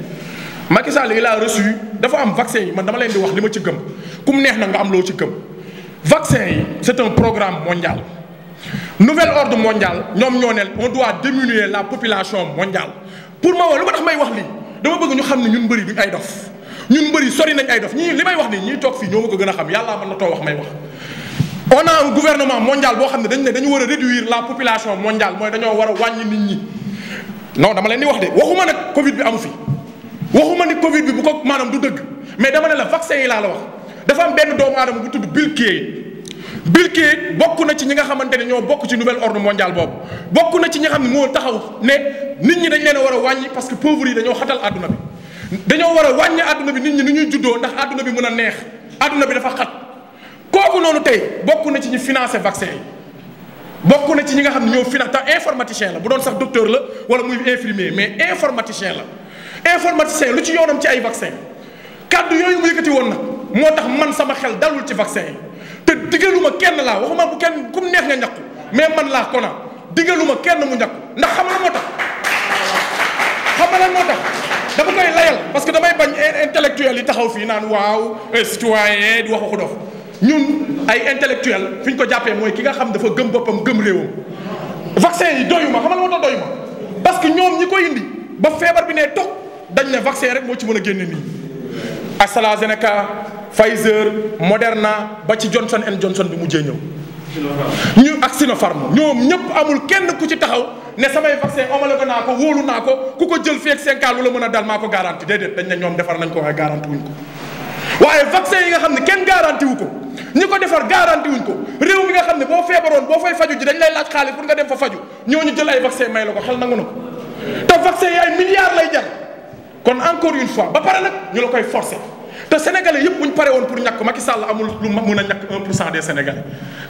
Macky Sall il a reçu dafa am vaccin yi man dama leen di wax li ma ci gëm ku neex na nga am loo ci gëm vaccin yi c'est un programme mondial nouvel ordre mondial ñoom ñoo ne on doit diminuer la population mondiale pour ma wax lu ma tax may wax li dama bëgg ñu xam ne ñun mbëri duñ ay dof ñun mbëri sori nañ ay dof ñii li may wax nii ñiy toog fii ñoo ma ko gën a xam yàllaa mën na too wax may wax on a un mondial boo xam ne dañ ne dañu war a réduire la population mondiale mooy dañoo war a wàññi nit ñi non dama leen di wax de waxuma nag covid bi amu fi waxuma ni covid bi bu ko maanam du dëgg mais dama ne la vaccin yi laa la wax dafa am benn doomu aadama bu tudd Bill Gates Bill bokk na ci ñi nga xamante ne ñoo bokk ci nouvel ordre mondial boobu bokk na ci ñi nga xam ne moo taxaw ne nit ñi dañ leen a war a wàññi parce que pauvres yi dañoo xatal àdduna bi dañoo war a wàññi bi nit ñi ni ñuy juddoo ndax àdduna bi mën a neex àdduna bi dafa xat kooku noonu tey bokk na ci ñi financé vaccin yi bokk na ci ñi nga xam ne ñoo financé tax informaticien la bu doon sax docteur la wala muy infirmier mais informaticien la informaticien lu ci yoonam ci ay vaccin kàddu yooyu mu yëkkati woon nag moo tax man sama xel dalul ci vaccin que digaluma kenn laa waxuma ku kenn kum neex nga ñàkku mais man laa kona digaluma kenn mu ñàkku ndax xam la moo tax xam la moo tax dama koy layal parce que damay bañ intellectuel yi taxaw fii naan waaw eh, citoyen di wax waxu dof ñun ay intellectuel fi ñu ko jàppee mooy ki nga xam dafa gëm boppam gëm réewam vaccin yi doyuma xam la moo tax doyuma parce que ñoom ñi ko indi ba feebar bi ne toog dañ ne vaccin rek moo ci mën a génne nii AstraZeneca Pfizer Moderna ba ci Johnson and Johnson bi mujjee ñëw. ñu ak Sinopharm ñoom ñëpp amul kenn ku ci taxaw ne samay vaccin homologué naa ko wóolu naa ko ku ko jël fii ak 5 la mën a dal maa ko garanti déedéet dañ ne ñoom defar nañ ko waaye garanti wuñ ko. waaye vaccin yi nga xam ne kenn garanti wu ko ñi ko defar garanti wuñ ko réew mi nga xam ne boo feebaroon boo fay faju ji dañ lay laaj xaalis pour nga dem fa faju ñu jël ay vaccin may la ko xel na ko te lay jar kon encore une ba pare nag la koy forcer. te sénégalais yëpp bu ñu pare woon pour ñàkk Macky Sall amul mun a ñàkk 1 pour cent des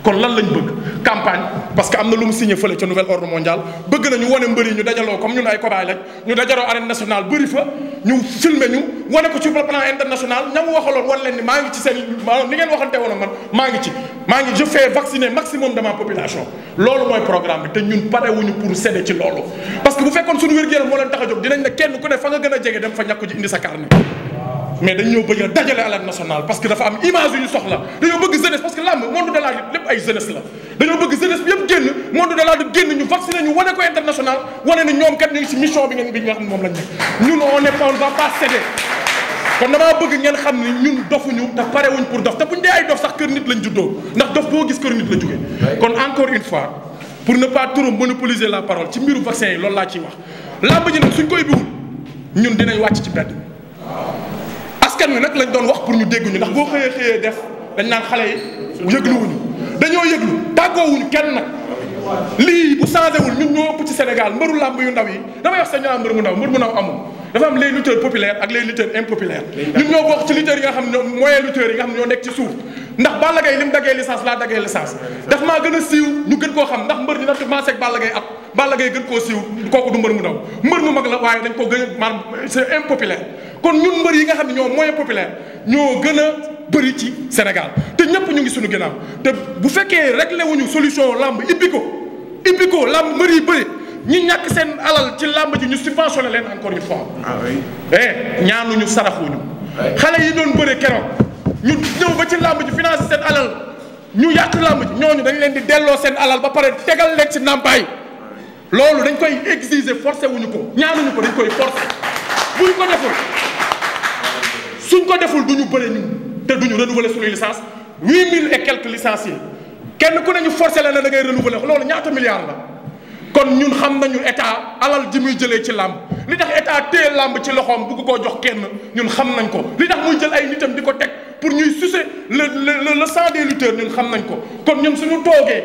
kon lan lañ bëgg campagne parce que am na lu mu signé fële ca nouvel ordre mondial bëgg nañu wane mbëri ñu dajaloo comme ñun ay cobaye lañ ñu dajaloo arène nationale bëri fa ñu filmer ñu wane ko ci plan international ña mu waxaloon wan maa ngi ci seen ni ngeen waxante woon man maa ngi ci maa ngi je fais vacciner maximum de ma population loolu mooy programme bi te ñun pare wuñu pour céder ci loolu parce que bu fekkoon moo a jóg dinañ ne kenn ku ne mais dañoo bëgg a dajale arène nationale parce que dafa am image yu ñu soxla dañoo bëgg jeunesse parce que làmb monde de la lutte lépp ay jeunesse la dañoo bëgg jeunesse bi yëpp génn monde de la lutte génn ñu vacciné ñu wane ko international wane na ñoom kat ñu ngi si mission bi nga xam ne moom lañ nekk ñun on est pas on va pas kon damaa bëgg ngeen xam ne ñun dofuñu te pare pour dof te buñ dee ay dof sax kër nit lañ juddoo ndax dof boo gis kër nit la jógee kon encore une fois askan wi nag lañ doon wax pour ñu dégg ñu ndax boo xëyee xëyee def dañ naan xale yi yëgluwuñu dañoo yëglu tàggoowuñu kenn nag lii bu changé wul ñun ñoo ëpp ci Sénégal mbëru làmb yu ndaw yi damay wax sax ñu naan mbër mu ndaw mbër mu ndaw amul dafa am les lutteurs populaires ak les lutteurs impopulaires ñun ñoo bokk ci lutteurs yi nga xam ne ñoom moyen lutteurs yi nga xam ne ñoo nekk ci suuf ndax Balla Gaye li mu daggee licence laa daggee licence daf maa gën a siiw ñu gën koo xam ndax mbër dina maasee ak Balla Gaye at Balla Gaye gën koo siiw kooku du mbër mu ndaw mbër mu mag la waaye dañ ko gën a maanaam c'est impopulaire kon ñun mbër yi nga xam ne ñoo moyen populaire ñoo gën a bëri ci Sénégal te ñëpp ñu ngi suñu ginnaaw te bu fekkee réglé wuñu solution làmb ibbi ko ibbi ko làmb mbër yi bëri ñu ñàkk seen alal ci làmb ji ñu subventionné leen encore une fois ah eh ñaanuñu saraxuñu xale yi doon bëri keroog ñu ñëw ba ci làmb ji financé seen alal ñu yàq làmb ji ñooñu dañ leen di delloo seen alal ba pare tegal leen ci ndàmpaay loolu dañ koy exiger forcé wuñu ko ñaanuñu ko dañ koy forcé buñ ko deful suñ ko deful du ñu bëre ñun te duñu renouveler suñuy licence huit mille et quelques licenciés kenn ku ne ñu forcé la ne da ngay renouveler loolu ñaata milliards la kon ñun xam nañu état alal ji muy jëlee ci làmb li tax état téye làmb ci loxoom bugg koo jox kenn ñun xam nañ ko li tax muy jël ay nitam di ko teg pour ñuy sucer le le le sang des ñun xam nañ ko kon ñun suñu toogee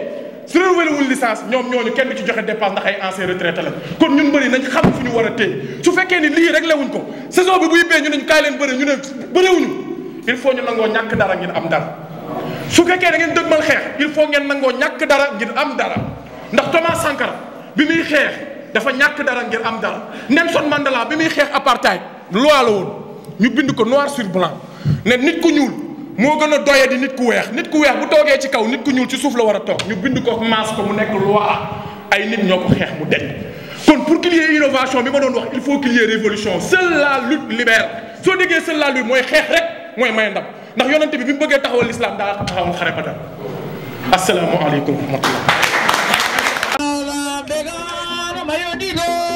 su renouvelewul licence ñoom ñooñu kenn du ci joxe dépense ndax ay ancien retraité la kon ñun bëri nañ xam fu ñu war a téye su fekkee ni lii réglé wuñ ko saison bi buy bee ñu ne ñu kaay leen bëri ñu ne bëriwuñu il faut ñu nangoo ñàkk dara ngir am dara su fekkee da ngeen dëgmal xeex il ngeen nangoo ñàkk dara ngir am dara ndax Thomas Sankara bi muy xeex dafa ñàkk dara ngir am dara Nelson Mandela bi muy xeex apartheid loi la woon ñu bind ko noir sur blanc ne nit ku ñuul moo gën a doye di nit ku weex nit ku weex bu toogee ci kaw nit ku ñuul ci suuf la war a toog ñu bind ko maas ko mu nekk loi ay nit ñoo ko xeex mu deñ kon pour qu'il y ait innovation bi ma doon wax il faut qu'il y ait révolution seule la lutte libère soo déggee seule la lutte mooy xeex rek mooy may ndam ndax yonent bi bi mu bëggee taxawal lislaam daa taxaw mu xare ba dal asalaamaaleykum wa rahmatullah mayo dito